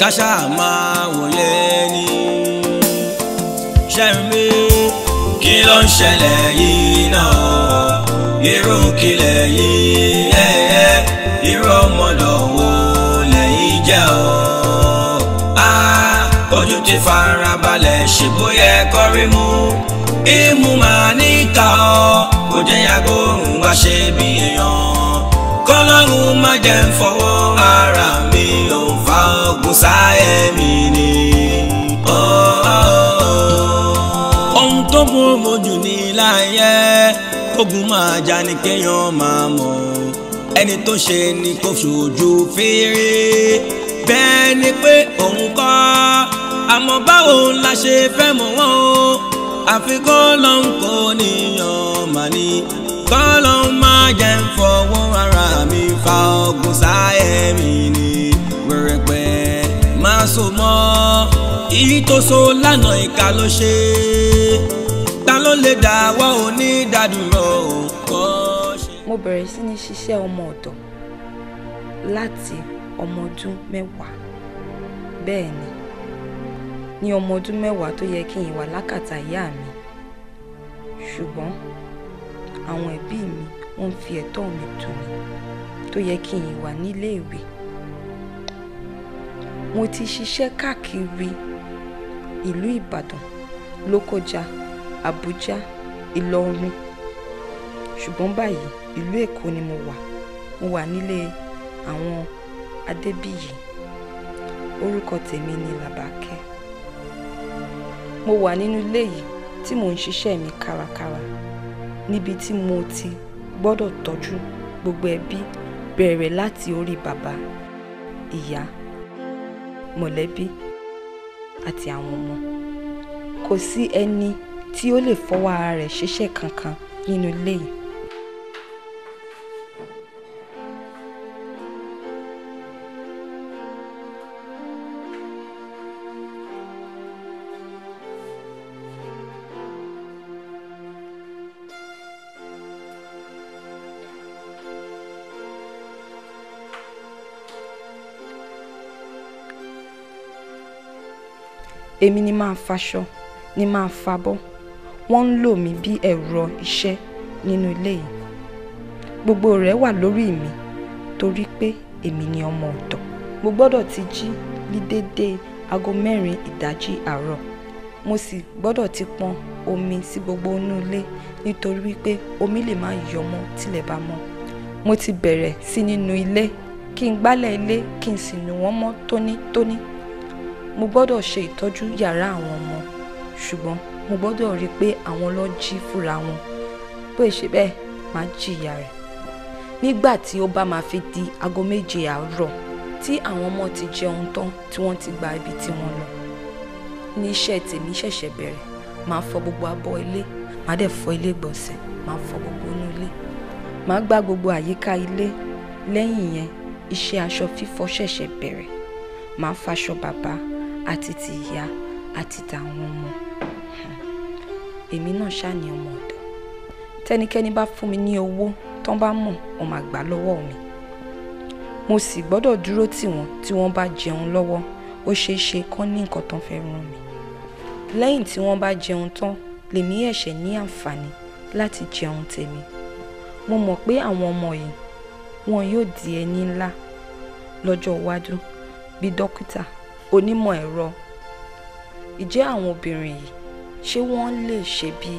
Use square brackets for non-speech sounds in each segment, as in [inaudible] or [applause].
káṣá máa wòye ni ṣẹ́mi kí ló ń ṣẹlẹ̀ yìí náà irú kílẹ̀ yìí ẹ̀ẹ́ irú ọmọdé wo lẹ́yìn jẹ́ o ojú ti farabalẹ̀ ṣe bóyá mu ìmú màá níkà ọ́ kò jẹ́ yàgò ń wá ṣe bí èèyàn ọlọ́run má jẹ́ ń fọwọ́ ara mi ò fa ogun sáyẹ̀ mi ni. ohun tó kún mojú ní láyé kógun máa jà ní kéèyàn máa mọ̀ ẹni tó ṣe ni kò ṣojú fèrè bẹ́ẹ̀ ni pé òun kọ́ àmọ́ báwo la ṣe fẹ́ mọ̀ wọ́n o àfikún lọ́nkọ́ níyàn màní kọ́lọ́ máa jẹ́ fọwọ́ ara mi fa ọgùn sáyẹ̀ ni wẹ̀rẹ̀pẹ̀ máa so mọ́ èyí tó so lánà ìka ló ṣe ta ló lè dà wá òní ṣe. mo bẹ̀rẹ̀ sí ní ṣiṣẹ́ ọmọ ọ̀dọ̀ láti ọmọ ọdún mẹ́wàá bẹ́ẹ̀ ni ní ọmọ ọdún mẹ́wàá tó yẹ kí n wà lákàtà ìyá mi ṣùgbọ́n àwọn ẹbí mi wọ́n fi ẹ̀tọ́ mi tù mí tó yẹ kí n wà níléèwé mo ti ṣiṣẹ́ káàkiri ìlú ìbàdàn lókọjà àbújá ìlọrin ṣùgbọ́n báyìí ìlú èkó ni mo wà mo wà nílé àwọn adébíyì orúkọ tèmi ni làbákẹ́ mo wà nínú ilé yìí tí mò ń ṣiṣẹ́ mi kárakára. Kara níbi tí mo ti gbọ́dọ̀ tọ́jú gbogbo ẹbí bẹ̀rẹ̀ láti orí bàbá ìyá mọ̀lẹ́bí àti àwọn ọmọ kò sí ẹni tí ó lè fọwọ́ ara rẹ̀ ṣiṣẹ́ kankan nínú ilé yìí èmi ni máa faṣọ ni máa fabọ́ wọ́n ń lò mí bí ẹ̀rọ iṣẹ́ nínú ilé yìí gbogbo rẹ̀ wà lórí mi torí pé èmi ni ọmọ ọ̀dọ̀ mo gbọ́dọ̀ ti jí ní déédéé aago mẹ́rin ìdájí àárọ̀ mo sì gbọ́dọ̀ ti pọn omi sí gbogbo inú ilé nítorí wípé omi lè má yọ mọ́ tilẹ̀ bá mọ́ mo ti bẹ̀rẹ̀ sí nínú ilé kí n gbálẹ̀ ilé kí n sì nù wọ́n mọ́ tónítóní mo gbọ́dọ̀ ṣe ìtọ́jú yàrá àwọn ọmọ ṣùgbọ́n mo gbọ́dọ̀ rí i pé àwọn lọ jí fúnra wọn bó ṣe bẹ́ẹ̀ máa jìyà rẹ̀ nígbà tí ó bá máa fi di aago méje àárọ̀ tí àwọn ọmọ ti jẹun tán tí wọ́n ti gba ibi tí wọ́n lọ ní iṣẹ́ tèmi ṣẹ̀ṣẹ̀ bẹ̀rẹ̀ máa fọ gbogbo abọ́ ilé máa dẹ̀ fọ ilé gbọ̀nsẹ̀ máa fọ gbogbo inú ilé máa gbá gbogbo àyíká ilé lẹ́yìn yẹn iṣẹ́ aṣọ fífọ̀ ṣẹ̀ṣẹ̀ bẹ̀rẹ̀ máa faṣọ bàbá àti ti ìyá àti tàwọn ọmọ èmi náà ṣàní ọmọ ọ̀dọ̀ tẹnikẹ́ni bá fún mi ní owó tán bá mọ̀ wọ́n máa gbà lọ́wọ́ mi mo sì gbọ́dọ̀ dúró tì wọ́n tí wọ́n bá jẹun lọ́wọ́ ó ṣeé ṣe kán ní nǹkan tán fẹ́ rán mi lẹ́yìn tí wọ́n bá jẹun tán lèmi ẹ̀ṣẹ̀ ní àǹfààní láti jẹun tèmi mo mọ̀ pé àwọn ọmọ yìí wọn yóò di ẹni ńlá lọ́jọ́ iwájú bíi dókítà onímọ̀ ẹ̀rọ ìjẹ́ àwọn obìnrin yìí ṣé wọ́n lè ṣe bí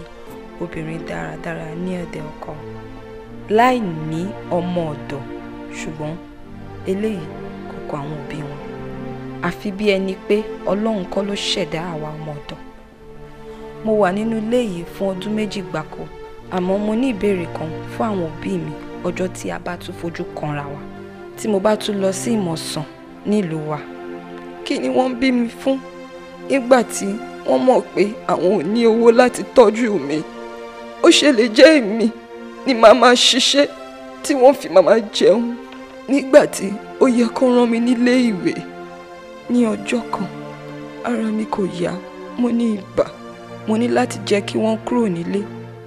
obìnrin dáradára ní ọ̀dẹ̀ ọkọ láì ní ọmọ ọ̀dọ̀ ṣùgbọ́n eléyìí kò kọ àwọn òbí wọn àfi bí ẹni pé ọlọ́run kọ́ ló ṣẹ̀dá àwa ọmọ ọ̀dọ̀ mo wà nínú ilé yìí fún ọdún méjì gbáko àmọ́ mo ní ìbéèrè kan fún àwọn òbí mi ọjọ́ tí a bá tún fojú kanra wa tí mo bá tún lọ sí ìmọ̀sán nílùú wa kí ni wọ́n ń bí mi fún nígbà tí wọ́n mọ̀ pé àwọn ò ní owó láti tọ́jú mi ó ṣe lè jẹ́ èmi ni màá máa ṣiṣẹ́ tí wọ́n fi màá máa jẹun nígbà tí ó yẹ kó rán mi nílé ìwé ní ọjọ́ kan ara mi kò yá mo ní ibà mo ní láti jẹ́ kí wọ́n kúrò nílé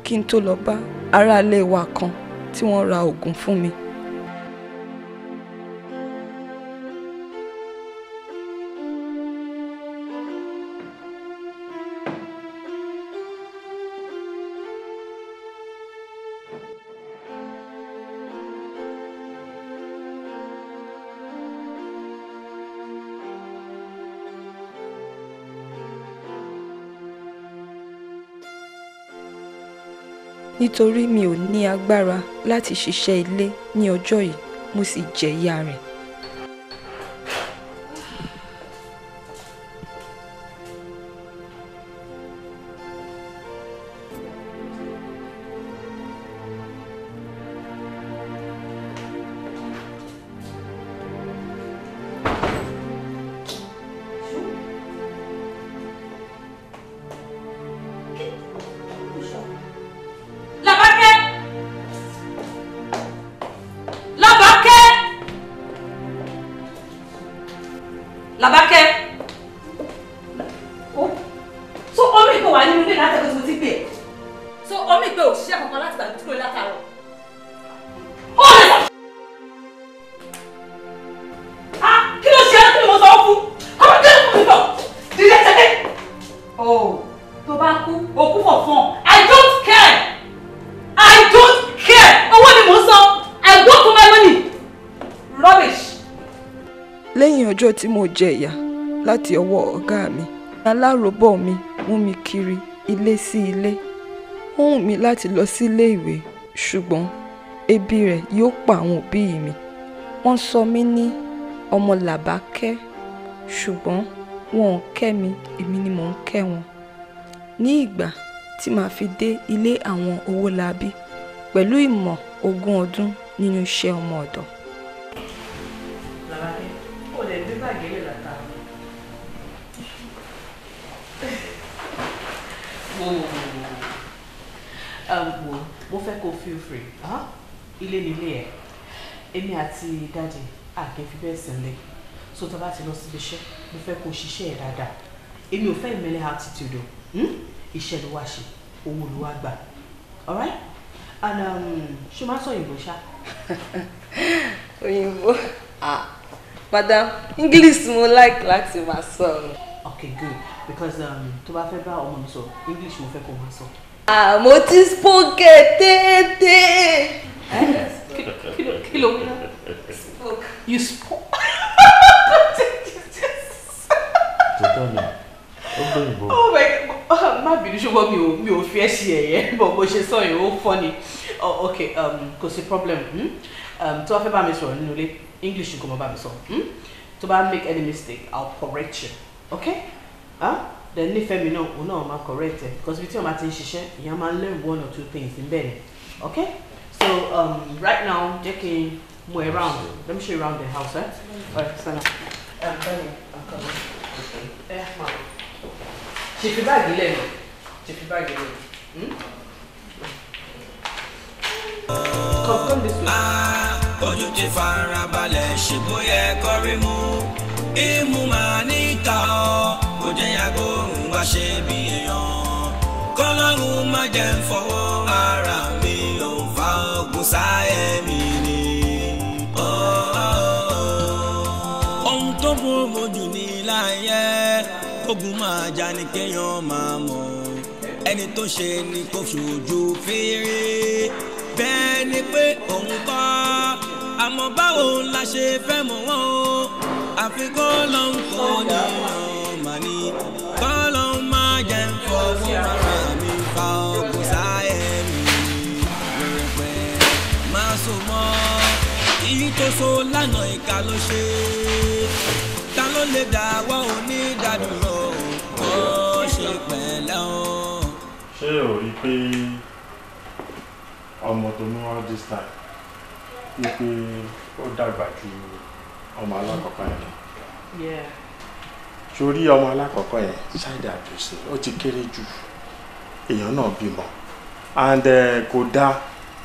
kí n tó lọ bá aráalé wa kan tí wọ́n ra oògùn fún mi. nítorí mi ò ní agbára láti ṣiṣẹ́ ilé ní ọjọ́ yìí mo sì jẹ̀yà rẹ̀ tí mo jẹ ìyà láti ọwọ́ ọ̀gá mi aláròbọ̀ mi mú mi kiri ilé sí ilé ó wù mí láti lọ sílé ìwé ṣùgbọ́n ebi rẹ̀ yóò pa àwọn òbí mi wọ́n sọ mí ní ọmọ làbákẹ́ ṣùgbọ́n wọn ò kẹ́ mi èmi ni mò ń kẹ́ wọn ní ìgbà tí màá fi dé ilé àwọn owó labí pẹ̀lú ìmọ̀ ogún ọdún nínú iṣẹ́ ọmọ ọ̀dọ̀. feel free ilé nílé ẹ̀ èmi àti dáàdì àgbẹ̀ fi bẹ́ẹ̀ sílẹ̀ so tó bá ti lọ síbi iṣẹ́ mo fẹ́ kó ṣiṣẹ́ ẹ̀ dáadáa èmi ò fẹ́ ìmẹ́lẹ̀ attitude o hmm? iṣẹ́ ló wá ṣe owó ló wá gbà alright and um, ṣe máa sọ òyìnbó ṣá. [laughs] òyìnbó ah madam english mo like láti máa sọ. okay good because um, tó bá fẹ́ bá ọmọ mi sọ english mo fẹ́ kó máa sọ mo ti spoke tètè. kí ló wí spoke. you spoke. oh my god ah, má bínú ṣùgbọ́n mi ò mi ò fi ẹ́ ṣe ẹ̀yẹ́ But [laughs] bó ṣe sọ yìí ó funny oh, ok um, kò sí problem hmm? um, tó bá fẹ́ bá mi sọ̀rọ̀ nínú ilé english kò mọ̀ bá mi sọ hmm? tó bá make any mistake i'll correct you ok. Huh? then nífẹ̀ẹ́ mi náà òun náà máa correct ẹ̀ because ibi tí wọ́n bá ti ń ṣiṣẹ́ èèyàn máa ń learn one or two things níbẹ̀ ni okay so um, right now jẹ́ kí n mú ẹ round let me show you round the house ẹ ọ̀rẹ́ sọ́nà. ẹ máa ṣe fi báàgì lẹ́nu ṣe fi báàgì lẹ́nu. Hmm? come come this way. Ah, ojú ti fara ṣe bóyá ẹ̀kọ́ rí mú ìmú màá níkà ọ́ kò jẹ́ yàgò ń wá ṣe bí èèyàn kọ́lọ́run má jẹ́ ń fọwọ́ ara mi ò fa ogun sáyé mi ni. ohun tó burú jù ní láyé ogun máa jà ní kéèyàn máa mọ̀ ẹni tó ṣe ni kò ṣojú fèrè bẹ́ẹ̀ ni pé òun kọ́ àmọ́ báwo la ṣe fẹ́ mọ̀ wọ́n o àfi kó lọ ń kọ́ ní ọmọ ní kọ́ lọ ń má jẹ́ ń fọ́ fún rárá mi fa ọkùn sáyẹ̀ mi rẹpẹ má so mọ́ èyí lánàá ìka ló ṣe ta ló lè dá wa ò ní ṣe pẹ̀lẹ́ o. ṣé o rí i pé ọmọ tó mú wá dis time wípé ó dàgbà ju ọmọ alákọ̀ọ́kọ́ yẹn lọ. sórí ọmọ alákọ̀ọ́kọ́ yẹn ṣáìdà àdùsí ó ti kéré ju èèyàn náà bímọ and eh, kò dáa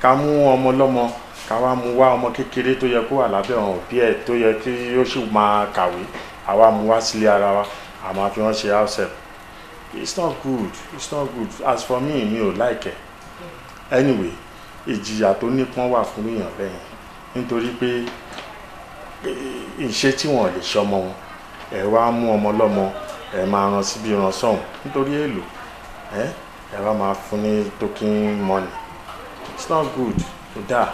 ká mú ọmọ lọ́mọ ká wá mú wá ọmọ kékeré tó yẹ kó wà lábẹ́ ọ̀hún bí ẹ̀ tó yẹ kí ó sì máa kàwé àwa mú wá sílé ara wa àmọ́ fi wọ́n ṣe house help it's not good it's not good as for me mi ò like it anyway ìjìyà tó nípọn wà fún èèyàn bẹ́yẹn nítorí pé e, ìṣe tí wọn lè ṣọmọ wọn ẹ wá mú ọmọ lọ́mọ ẹ máa ran síbi ran sọhùn nítorí èlò ẹ wá máa fún ní token money it's not good kò dáa.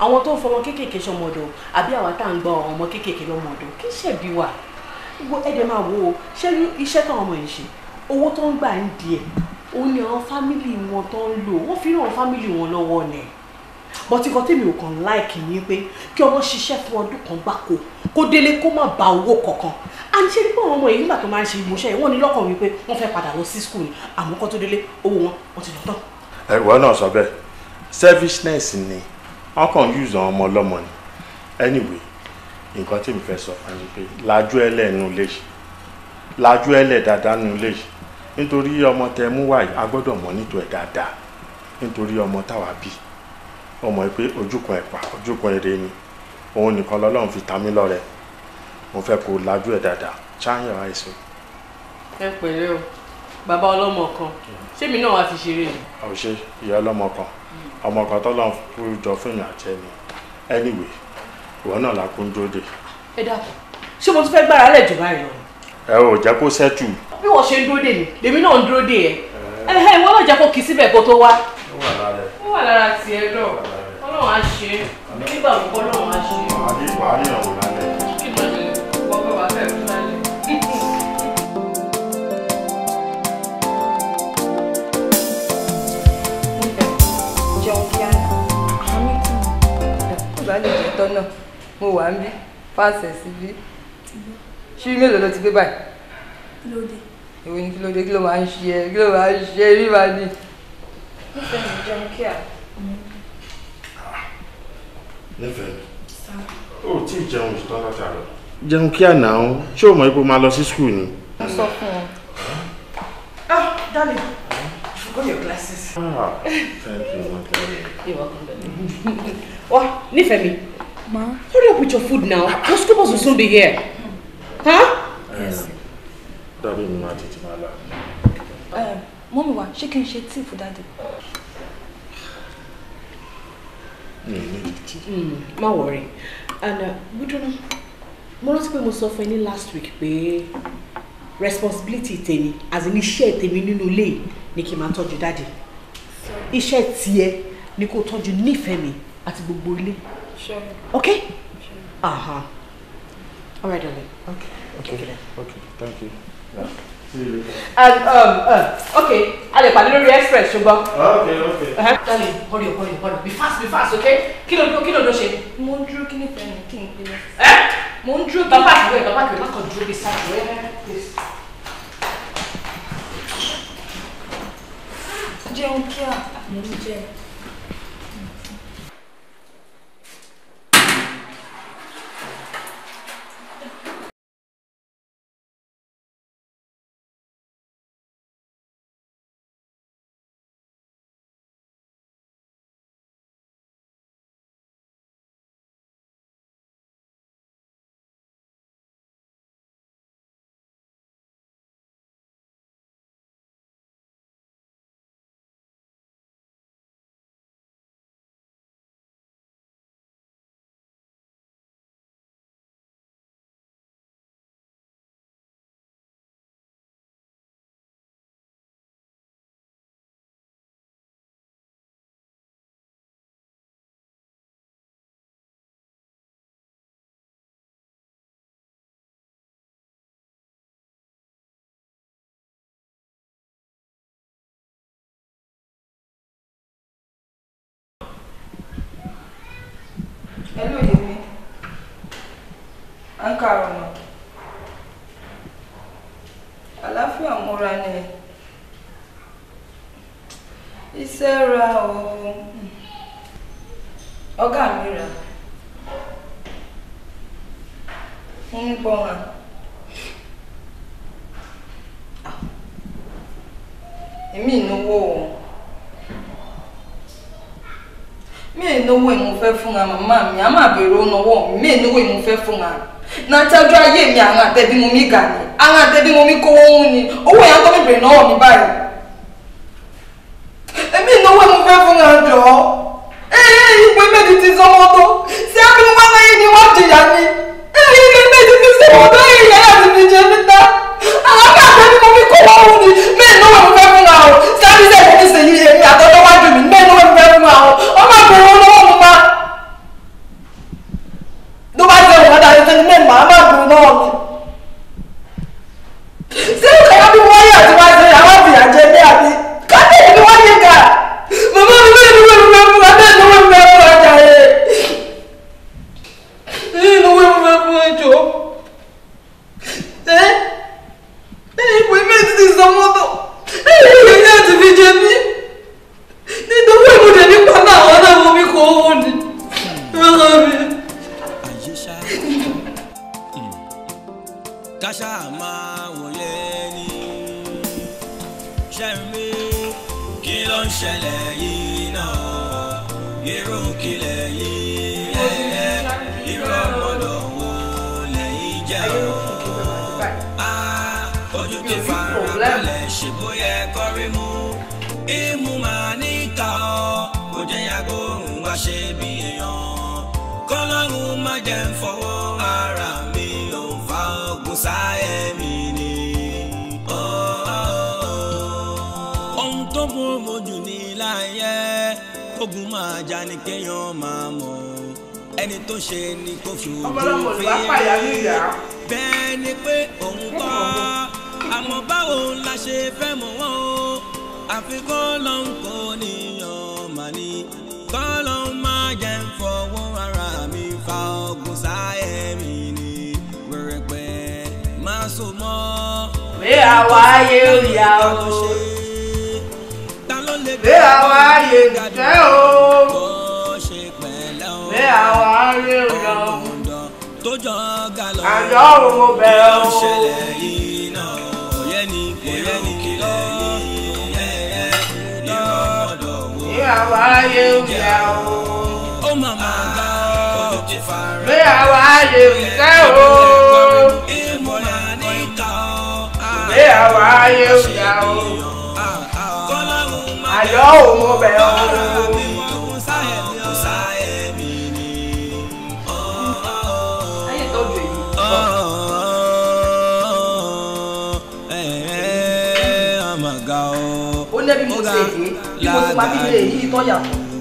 àwọn tó ń fọmọ kéékèèké sọmọdọ àbí àwa tá à ń gba ọmọ kéékèèké lọmọdọ kì í ṣẹ̀bi wa ẹ̀dẹ̀ máa wo ṣé iṣẹ́ táwọn ọmọ yìí ṣe owó tó ń gbà ń di ẹ̀ òun ni àwọn fámìlì wọn tó ń lò wọ́n fi ràn fámìlì wọn lọ́wọ́ ni bọ́tí tèmi ò kàn láìkì ní pé kí ọmọ ṣiṣẹ́ fún ọdún kan gbáko kó délé kó má ba owó kankan àti ṣe nípa àwọn ọmọ yìí nígbà tó máa ń ṣe ìmúṣẹ́ wọ́n ní lọ́kàn wípé wọ́n fẹ́ padà lọ sí skul ni àmọ́ kó tó délé owó wọn wọ́n ti lọ tán. ẹ̀wọ́ náà sọ bẹ́ẹ̀ selfishness ni wọ́n kàn ń use àwọn ọmọ ọlọ́mọ ni anyway nǹkan tèmi fẹ́ sọ fún mi pé lajú ẹlẹ́nu lè ṣe lajú ẹlẹ́ dáadáa nù lè ṣe nítorí ọmọ tẹ mú wá yìí a gbọ́dọ̀ mọ̀ nítò ẹ̀ dáadáa nítorí ọmọ táwa bí ọmọ yìí pé ojúkan ẹ̀pà ojúkan èrè ni òun nìkan lọ́lọ́run fi ta mí lọ́rẹ mo fẹ́ kó lajú ẹ̀ dáadáa ṣáàyàn àìsàn. ẹ pẹ̀lẹ́ o bàbá ọlọ́mọ kan ṣémi náà wàá fi ṣeré ni. àwòṣe ìyá ọlọ́mọ kan ọmọ kan tọ́lọ́run fún jọ fún ìyàn àjẹ ni anyway ìwọ náà la kún dóde. ẹ dákun ṣé mo tún fẹ́ gbára lẹ̀ jù báyìí lọ. ẹ ò jẹ́ kó ṣẹ́tù bí wọ́n ṣe ń dúró dè mí lèmi náà ń dúró dè ẹ ẹ ìwọ náà jẹ́ kó kì í síbẹ̀ kó tó wá. ó wà lára tiẹ̀ náà ọlọ́run á ṣe é nígbà wo kọ́ ọlọ́run á ṣe é. wàá ní ìrànwọ́ lálẹ́. kí ló dé wọ́n fẹ́ wàá fẹ́ fún lálẹ́. ìbálòjẹ tọ́nà mo wà ń bí fáṣẹ̀ sí bí ṣí mélòó ló ti gbé báyìí. lóde ìwé ni kí ló dé kí ló máa ń ṣe ẹ kí ló máa ń ṣe ẹ bí màá nífẹ̀ẹ́ mi jẹun kí à. nífẹ̀ẹ́ o tí ì jẹun ìtàn látàrọ. jẹun kí àná o ṣé o mọ̀ pé máa lọ sí skul ni. mo sọ fún ọ. ah darling you forgot your glasses. ah thank you my darling. you're welcome darling. wa nífẹ̀ẹ́ mi. ma hurry up with your food now your school bus will soon be here. Huh? Yes dábì mi máa tètè máa là. mọ́mí wa ṣé kí n ṣe tíì fún dáàdì. Hmm, má wọrí and gbúdúrà uh, mo rántí pé mo sọ fún ẹ ní last week pé responsibility tèmi as in iṣẹ́ tèmi nínú ilé ni kí n máa tọ́jú dáàdì iṣẹ́ tiẹ̀ ni kò tọ́jú nífẹ̀ẹ́ mi àti gbogbo ilé. Sure. Okay? Sure. Uh-huh. All right, darling. Okay. Okay. Okay. okay. Thank you and um, uh, okay a let pàdé lórí express ṣùgbọ́n. okay. ok. Uh-huh. darling hurry up hurry up hurry up. be fast be fast okay kí ló dúró kí ló dúró ṣe. mo ń dúró kí ni fẹ́ mi kí n gbé. ẹ eh? mo ń dúró kí ni fẹ́ mi. bàbá àgbẹ̀ bàbá àgbẹ̀ má kàn dúró bí sáà rẹ̀. Eh, jẹun kíá. mo ń jẹun. karùn-ún àlàáfíà múra ni ra o oga mi rà ń gbọ́ràn. èmi ìnáwó o mi ìnáwó ìmúfẹ́ fún wa màmá mi àmàbèrè ó náwó mi náà tẹ́jú ayé mi àwọn àtẹ̀bí mo mi gà ní àwọn àtẹ̀bí mo mi kówó ń ní owó yẹn kọ́ mi bèrè náà wọ̀ mí báyìí. kógun máa jà ní kéèyàn máa mọ̀ ẹni tó ṣe ni kò fi òkú fèrè bẹ́ẹ̀ ni pé òun kọ́ àmọ́ báwo la ṣe fẹ́ mọ̀ wọ́n o àfi kọ́ ló ń kó níyàn mà ní kọ́ ló ń máa jẹ́ ń fọwọ́ ara mi fa ogun sáyẹ̀ mi ni wẹ̀rẹ̀pẹ̀ má so mọ́. mi àwa ayé ò yá o bí àwa ayé tẹ́ o bí àwa ayé ọ̀dọ́ àjọ òun mo bẹ̀rẹ̀ o. bí àwa ayé ọ̀dọ́ o. bí àwa ayé tẹ́ o. bí àwa ayé ọ̀dọ́ o àyọ̀ ò mọ bẹ̀ ọ́. ó lẹ́bi mo ṣe èké bí mo ti pa bíbélì èyí tọ́yà.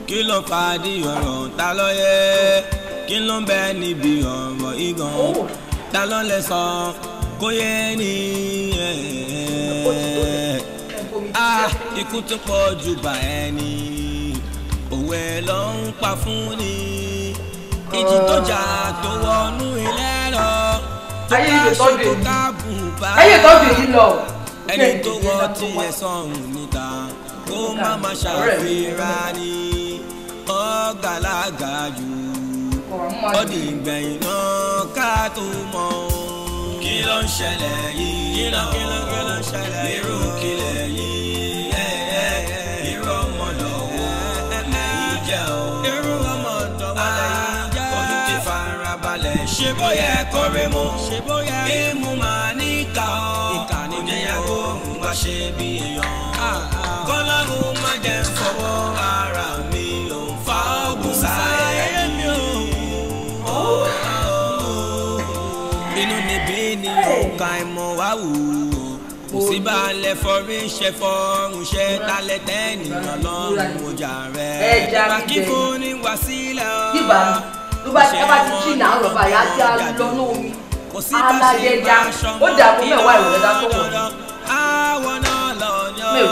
kí ló pa di ọ̀rọ̀ ta ló yẹ kí ló ń bẹ níbi ọ̀rọ̀ igan ta ló lè sọ kó yẹ ni. Ah, ikú tún pọ̀ jù bá ẹni òwe ló ń pa fún ni ìjì tó jà tó wọnú ilé lọ tó bá ṣe tó káàbù bá ẹni tó wọ tiẹ̀ sọ̀rùn níta kó má má ṣàfihàn ni ọ̀gàlágà jù ọdì ìgbẹ̀yìn náà ká tó mọ̀ kí ló ń ṣẹlẹ̀ yìí náà lérò kílẹ̀ yìí. bó yẹ kó rí mu bí mu máa ní ìkà ọ́ kò jẹ́ yàgò ń bá ṣe bí èèyàn ah, ah. kọ́lọ́run má jẹ́ fọwọ́ ara mi ò fa ogun sáyé mi ò inú níbí ni yóò ka ìmọ̀ wá wù ú kò sí bá a lẹ fọrí ṣe fọrùn ṣe talẹ tẹ ènìyàn lọrùn ọjà rẹ bàkí fún ni wàsílẹ̀ bá ti bá ti jìnnà àwọn ọ̀bà yà á jẹ́ àlọ́ omi alájẹjà ó dàbí mẹ́wàá ìwọ̀n ẹ̀dá tó wọ̀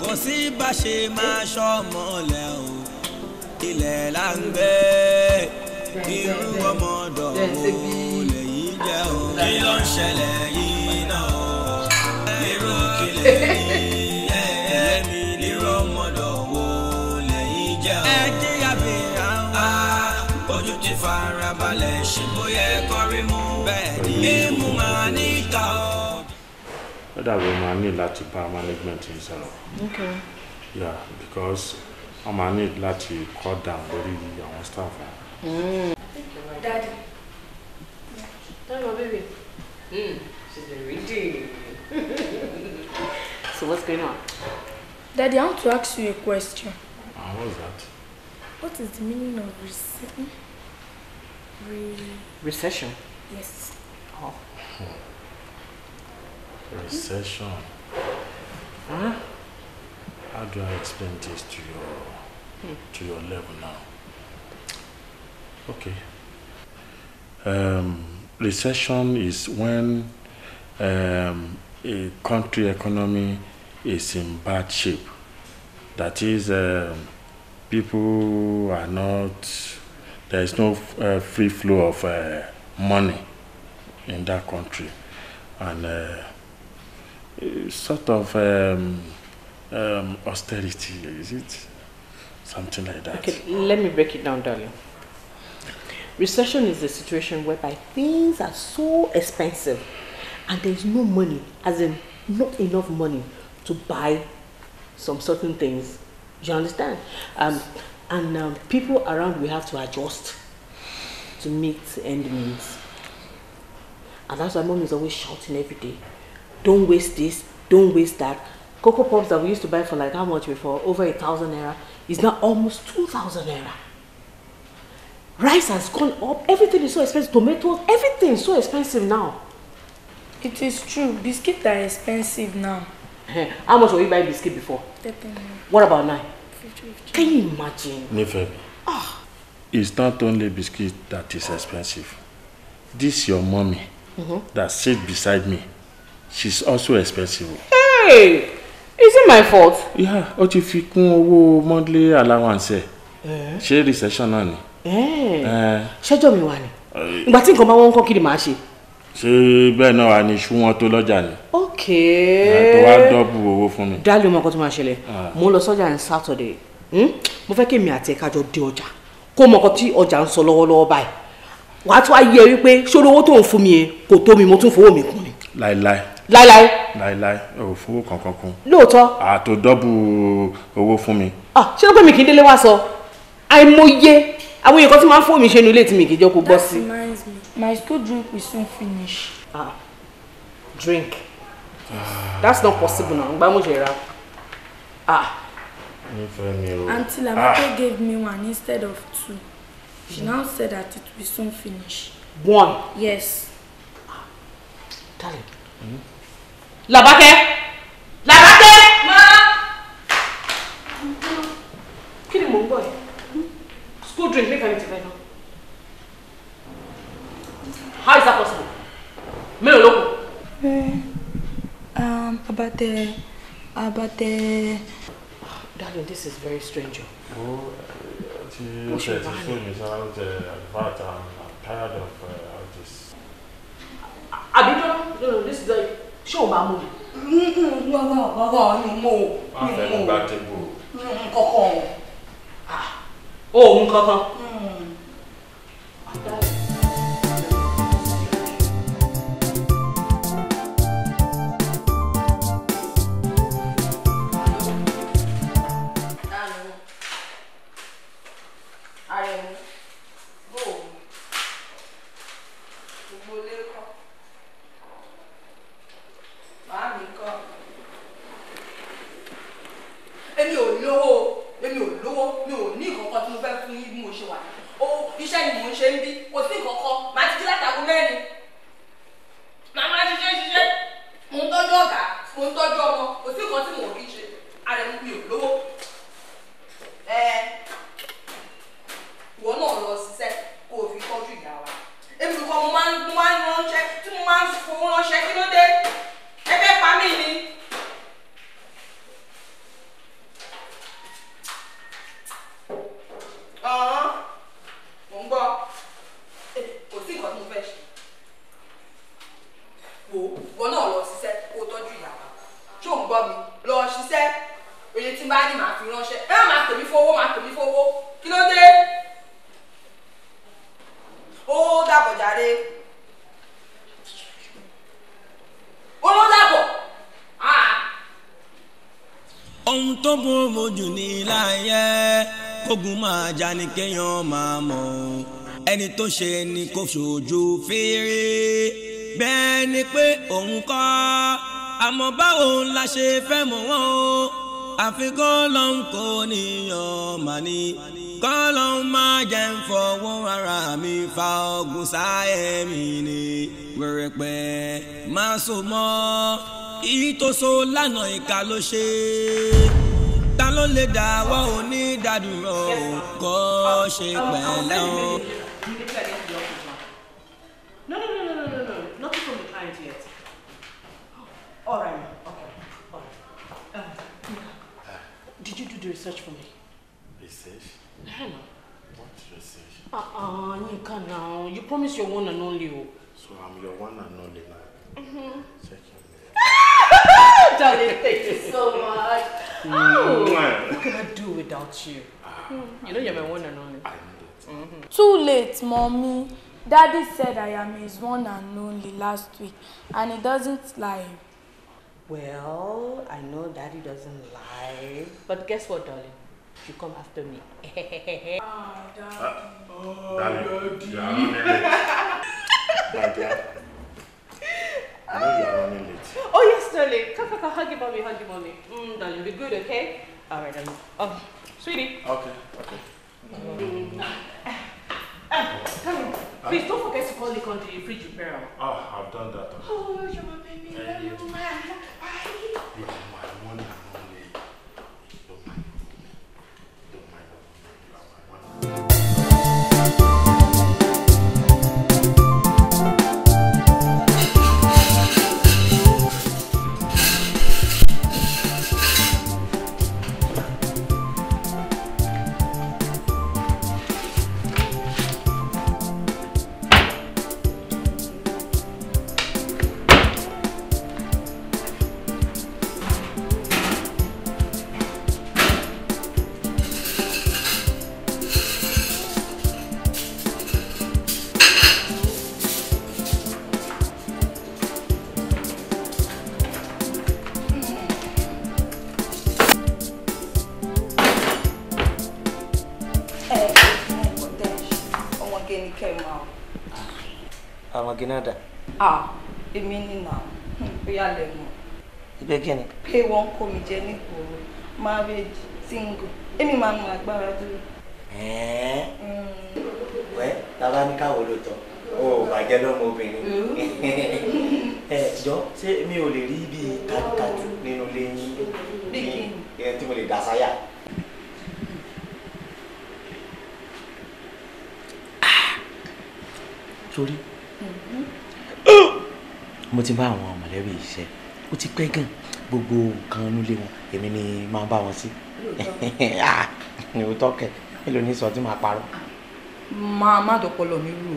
kò sí bá ṣe máa ṣọmọ lẹ o ilẹ̀ là ń gbé irú ọmọdọ̀ wo lẹ́yìn jẹ́ o kí ló ń ṣẹlẹ̀ yìí náà irú kí lè ní. farabalẹ̀ ṣe bóyá ẹ̀kọ́ rí mú bẹ́ẹ̀ ni èèmù máa níta o. ó dàbí ó máa ní láti bá management yìí sọ̀rọ̀ yeah because wọ́n máa ní láti cut down lórí àwọn staff. Hmm. dadi tell your baby mm, she's reading [laughs] so what's going on. Daddy, I want to ask you a question. Ah, what's that? What is the meaning of receiving? Re recession. Yes. Oh. Hmm. Recession. Huh? How do I explain this to your hmm. to your level now? Okay. Um, recession is when um, a country economy is in bad shape. That is, um, people are not there is no uh, free flow of uh, money in that country. And uh, sort of um, um, austerity, is it? Something like that. Okay, let me break it down, darling. Recession is a situation whereby things are so expensive and there's no money, as in not enough money to buy some certain things. Do you understand? Um, and um, people around we have to adjust to meet end means. And that's why mom is always shouting every day. Don't waste this, don't waste that. Cocoa pops that we used to buy for like how much before? Over a thousand naira is now almost two thousand naira. Rice has gone up, everything is so expensive, tomatoes, everything is so expensive now. It is true, biscuits are expensive now. [laughs] how much were you buying biscuit before? 13 What about now? Can you imagine? Never. Ah. It's not only biscuit that is expensive. This your mommy mm-hmm. that sit beside me. She's also expensive. Hey! Is it my fault? Yeah, ó ti fi kún owó monthly allowance. Eh. Ṣé recession náà ni? Eh. Eh. Ṣẹ́jọ́ mi wà ni. Eh. Ìgbà tí nǹkan bá wọ́n ń kọ́ kí ṣé bẹ́ẹ̀ náà wà ní ṣú wọn tó lọ́jà ni. ok ah, tó wá dọ́bù owó fún mi. dálé ọmọ kan tó máa ṣẹlẹ̀ ah. mo lọ sọ́jà ní sátọ̀dẹ̀ hmm? mo fẹ́ kí èmi àti ẹ̀ka jọ dé ọjà kó mọ̀ kan tí ọjà ń sọ lọ́wọ́lọ́wọ́ báyìí wàá tún ayé ẹ wípé ṣòro owó tó ń fún mi yẹn kò tó mi mo tún fowó mi kún ni. láéláé láíláí. láíláí ò fowó kankan kún. lóòótọ́. àtò ah, dọ́bù owó fún mi. ṣé o pé mi kì í délé wá sọ àìmọye àwọn èèyàn kan tí máa ń fún mi ṣe inú ilé tí mi kì í jẹ́ kó gbọ́ sí. that reminds me my school drink will soon finish. ah drink that's not possible na ngba mo ah. nífẹ̀ẹ́ mi o. aunty ah. lamake gave me one instead of two she now said that it will soon finish. one. yes. ah darling. labake labake. ma. kí ni mò ń gbọ́ yìí. School drink, leave anything right now. How is that possible? Mélòó ló kù? Um, about the, about the. darling, this is very strange. Oh, uh, she phone is out uh, but I'm, I'm tired of uh, all this. Abidjan, no, no, this is the show about movie. Mm-mm, no, no, no, no, no, no, no, no, no, no, no, no, no, no, no, no, òun kankan. Um mo ń tọ́jú ọmọ kò sí nǹkan tí mò ń rí ṣe ara mi ò lówó ìwọ náà lọ ṣiṣẹ́ kó o fi tọ́jú ìyá wa èmi kò mo máa ń ránṣẹ́ tí mo máa ń fowó ránṣẹ́ kí ló dé ẹ pa mí ni. ọ̀hún ń gbọ́ kò sí nǹkan tí mo fẹ́ ṣe wò wọ́n náà lọ sí gbọ́ mi lọ ṣiṣẹ́ oye tí bá ní màá fi ránṣẹ́ ẹ má máa tèmi fowó máa tèmi fowó kí ló dé ó dàbọ̀ jàre ó ló dàbọ̀ ah. ohun tó burú jù ní láyé kógun máa jà ní kéèyàn máa mọ̀ ẹni tó ṣe ni kò ṣojú fèrè bẹ́ẹ̀ ni pé òun kọ́ àmọ́ báwo la ṣe fẹ́ mọ̀ wọ́n o àfi kọ́lọ́n kò níyàn màní kọ́lọ́n má jẹ́ ń fọwọ́ ara mi fa ogun sáyẹ̀ mi ni wẹ̀rẹ̀pẹ̀ má so mọ́ èyí tó so lánà ìka ló ṣe ta ló lè dá wa ò ní dàdúrà kọ́ ṣe pẹ̀lẹ́ All right, okay. All right. uh, did you do the research for me? Research? Hello. What research? Uh-uh, Nika now. You promised your one and only. Oh. So I'm your one and only now. Mm-hmm. Check your [laughs] Darling, thank you so much. Oh, what can I do without you? Ah. Hmm, you know you're my one and only. I know it. Mm-hmm. Too late, mommy. Daddy said I am his one and only last week, and he doesn't lie. Well, I know daddy doesn't lie. But guess what, darling? You come after me. [laughs] Ah, ah. oh, darling. Uh, oh, darling. Daddy. Darling. darling. [laughs] you're running late. Oh, yes, darling. Come, come, come. Hug your mommy, hug your mommy. Mm, darling, be good, okay? All right, darling. Oh, sweetie. Okay, okay. Mm. Mm. Ah, come here. Ah. Please don't forget to call the country if you peril. Ah, I've done that. Oh, you're my baby. I love you. Bye. You're my pé kí ni. pé wọ́n kó mi jẹ nígboro marriage single èmi máa nu agbára dúró. wẹ́ mm. tábà ní káwọ́ ló tọ́ o ò bàjẹ́ lọ́mọbìnrin [laughs] ẹ jọ ṣé mi ò lè rí ibi kàtúkàtú nínú ilé yín tí mo lè dà sáyà. Ah! sórí mm-hmm. mo ti bá àwọn mọ̀lẹ́bí iṣẹ́ ó ti pẹ́ gan-an gbogbo nǹkan nílé wọn èmi ni máa bá wọn sí [laughs] ah, òótọ́ kẹ mélòó ní sọ tí màá parọ́. Ah, máa má dọpọlọ mi rú o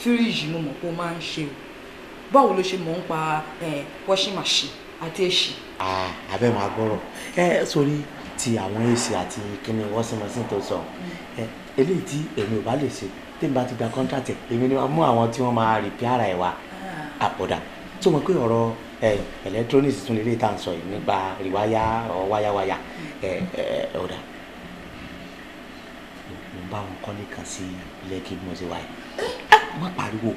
fíríìjì mo mọ̀ pé ó máa ń ṣe o báwo ló ṣe mọ̀ ń pa washing machine àti èsì. Ah, abẹ́ máa gbọ́rọ̀ ẹ sórí ti àwọn èsì àti kíni washing machine tó sọ hmm. eléyìí tí èmi ò bá lè ṣe tí n bá ti gba contract èmi ni màá mú àwọn tí wọ́n máa rìpíàrà ẹ̀ wá àpọ̀dà tó mọ̀ pé ọ̀rọ̀ electronics tún lè lè tà ń sọ yìí nípa rìwáyà ọ̀ wáyáwáyà ọ̀dà mo bá wọn kọ́lé kan sí lẹ́kì bí mo ṣe wáyé ah, má pariwo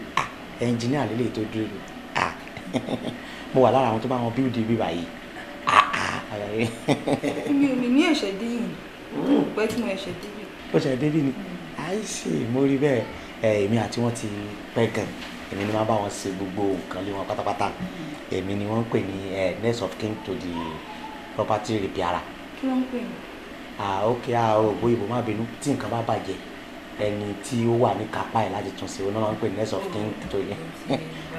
ẹnjìníà lè lè tó dúró ah, [laughs] mo wà lára àwọn tó bá wọn bíúdì bíbà yìí mi ò ní ní ẹ̀ṣẹ̀ déyìn pẹ́ tí mo ẹ̀ṣẹ̀ déyìn. ó ṣe débi ni hmm. àìsè mo rí bẹ́ẹ̀ èmi àti wọ́n ti pẹ́ gan-an èmi ni máa bá wọn ṣe gbogbo nǹkan lé wọn pátápátá èmi ni wọ́n pè ní next of kin to the property repairer. kí ló pè ní. ah ok ah ògbó ìbò má bínú tí nǹkan bá bàjẹ́ ẹni tí ó wà ní kápá ẹ̀ láti tún ṣe oná máa pè ní next of kin to the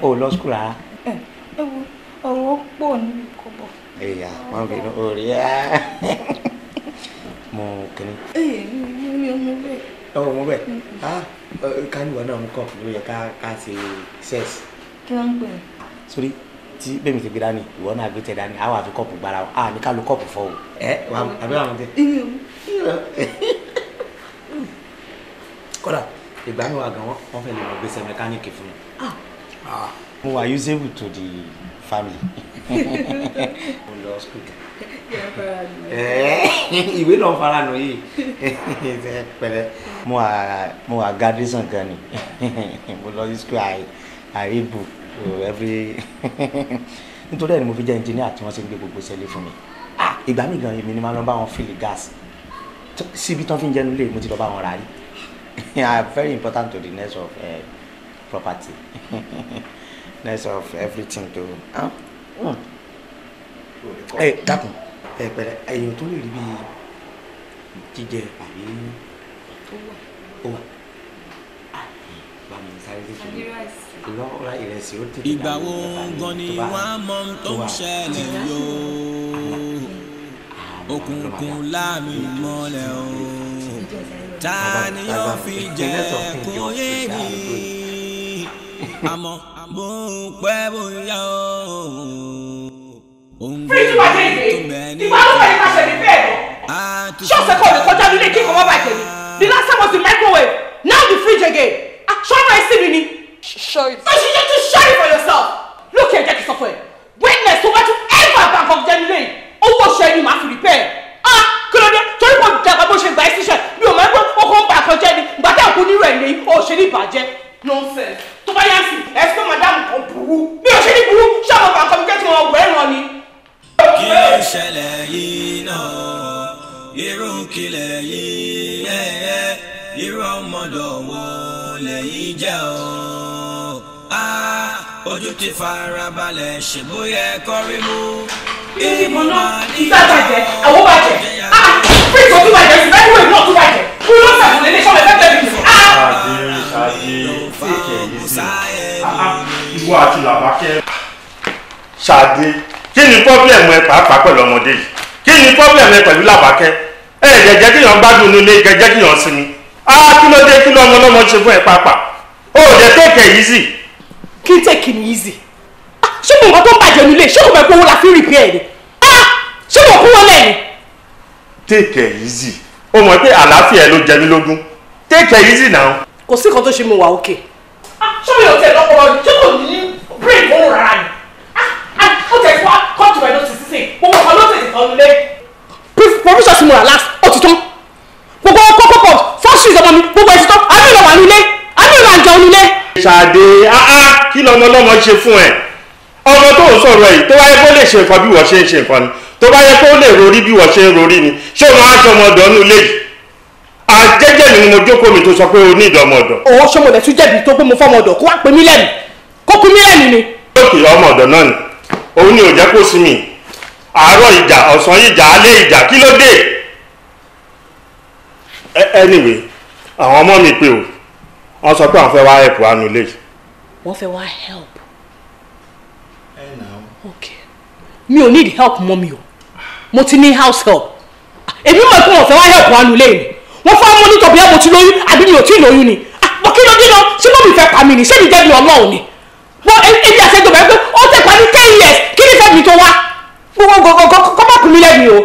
[laughs] o lọ school rárá. ẹ ẹ wo ọ̀rọ̀ pọ̀ níbi kò bọ̀. ẹ̀yà má bínú orí ẹ̀ [laughs] mo kìnnì. ẹ ẹ mi ò mú bẹ́ẹ̀. ẹ ò mú ah káníwá náà mú kọ́ọ̀pù ló yẹ ká ṣe sex. kí ló ń pè é. sórí tí bẹ́ẹ̀mi ti gbé dání ìwọ náà gbé tẹ̀ dání àwọn àfi kọ́ọ̀pù gbára wọn àní ká lo kọ́ọ̀pù fọ́ o. ẹ wàá àbí wàá mú tẹ. kódà ìgbà ni wà gan wọn fẹ́ lè lọ gbé sẹ́ mẹkáníìkì fún mi. Ah. Ah mo wà usable to the family. mo school. Eh, ìwé náà fara nù yìí pẹ̀lẹ́ mo wà mo wà graduation gan ni mo lọ school i book every [laughs] nítorí ẹni mo fi jẹ́ engineer tí wọ́n ṣe ń gbé gbogbo sẹ́lẹ̀ fún mi ah, ìgbà mi gan èmi ni máa lọ bá wọn fìlì gas síbi tán fi ń jẹnu lé mo ti lọ bá wọn rà rí [laughs] ah, very important to the next of eh, property. [laughs] Nice of everything tó. Ah, hmm. ẹ eh, dákun ẹ eh, pẹ̀lẹ́ ẹyọ tó lè rí bí jíjẹ àbí ó wà ah, ìgbà wo gan ni wàá mọ tó ń ṣẹlẹ̀ yóò òkùnkùn láàmì mọ́lẹ̀ o ta ni yóò fi jẹ́ kó yé mi àmọ́ mo pẹ́ bóyá o. fíjì máa dé ìdè ìgbà ló fẹ́ẹ́ pàṣẹ ní bẹ́ẹ̀ lọ. ṣọ́ọ̀ṣì kò lè kọjá nílé kí kọ́mọ́ bàjẹ́ ni the last time was the microwave now the fridge again. Ah, ṣọ́ọ̀nà ẹ̀sìn mi ni. show it. no you just show it for yourself. lókè ẹ̀jẹ̀ kì í sọ fún ẹ witness tó bá tún ever bank of jẹ́ nílé yìí owó oṣù ẹni màá fi repair. ah kí ló dé torí mo dàgbà bó ṣe gbà ẹ́ síṣẹ́ mi ò mọ̀ ẹ́ pé ó kàn ń bà kọjá ni gbàdá òkú nírú nonsense tó bá yá sí ẹ sọ madam kan burú mi ò ṣe ní burú ṣáà mo kàn kọ́ mi kẹ́tì wọn ọ̀gbọ́n ẹ̀ràn ni. kí ló ń ṣẹlẹ̀ yìí náà irú kílẹ̀ yìí ẹ̀ẹ́ irú ọmọdé wo lẹ́yìn jẹ́ o. ojú ti farabalẹ̀ ṣe bóyá ẹ̀kọ́ rí mú. ìbọn náà ìgbà bàjẹ́ àwọn bàjẹ́ ah fíìsì tó bàjẹ́ sí bẹ́ẹ̀ ni wọ́n ìbọn tó bàjẹ́ kúrò sàkúnlẹ̀ ní sọ́ọ̀lẹ̀ fẹ́ẹ́ bẹ̀rẹ̀ ṣáàjì ṣáàjì fèkè ah, yìí ah, sí ìwọ àti làbákẹ́. ṣáàjì kí ni pọ́blẹ̀mù ẹ pàápàá pẹ̀lú ọmọdé yìí kí ni pọ́blẹ̀mù ẹ pẹ̀lú làbákẹ́ ẹ jẹ́jẹ́ kí yàn gbádùn inú ilé jẹ́jẹ́ kí yàn sinmi á ah, kí ló dé kí ló ọmọ ọlọ́mọ ṣe fún ẹ pàápàá ó lè tẹ̀kẹ̀ yìí sí. kí tẹ̀kì ni yìí sí ṣé mo nǹkan tó bàjẹ́ nílé ṣé mo mọ̀ pé owó la fi rìpíẹ̀ ni ṣé mo kú wọlé ni. tẹ̀kẹ̀ yìí sí o mọ̀ pé àlàáfíà ló jẹ mí lógún take it easy now. kò sí nǹkan tó ṣe mo show me your mi No problem. You ṣé kò ní brain fún rárá ni ah, ah, ó tẹ̀ fún Come to my ti sísè gbogbo ọ̀kan ló tẹ̀sí kan lé. provision ti mo rà last ó ti tán gbogbo ọkọ pọpọ fọṣù ìjọba mi gbogbo ẹ ti tán àmì ìlọ wà nílé àmì ìlọ àjọ nílé. ṣàdé áá ah, kí lọmọ ọlọmọ ṣe fún ẹ ọmọ tó ń sọ̀rọ̀ ẹ yìí tó wáyé kó lè ṣe nǹkan bí wọ́n ṣe ń ṣe nǹkan ni tó bá yẹ kó lè rorí bí wọ́n ṣe ń rorí ni ṣé o máa ṣọmọ ọ̀dọ́ nílé àjẹjẹ mi ni mo jókòó mi tó sọ pé o ní ìdọ̀ ọmọdọ̀. ọwọ́ sọmọ rẹ̀ tún jẹ̀bi tó gbé mo fọmọ ọ̀dọ̀ kó wá pè mí lẹ́nu kó kú mí lẹ́nu ni. lókè ọmọ ọ̀dọ̀ náà ni òun ni ò jẹ́ kó sinmi àárọ̀ ìjà ọ̀sán ìjà alẹ́ ìjà kí ló dé. anyway àwọn ọmọ mi pé o wọ́n sọ pé àwọn fẹ́ wá help wa nu ilé. wọ́n fẹ́ wá help. ẹ nà ó. mi ò need help mọ́ mi o mo ti ní house help èmi mọ̀ pé wọ́n fẹ́ wá help wa nu ilé mi wọ́n fún ọmọ onítọ̀ bíyà mo ti lóyún àbí mi ò tí ì lóyún ni àpò ah, kí ló dín lọ ṣé mọ̀ mi fẹ́ pa mi ni ṣé mi jẹ́ mi ọlọ́run ni wọ́n ebi àtẹ́jọ́ bẹ́ẹ̀ pé ó tẹ̀ pa ní ten years kí ni fẹ́mi tó wá kọ́mọ̀kù mi lẹ́mi o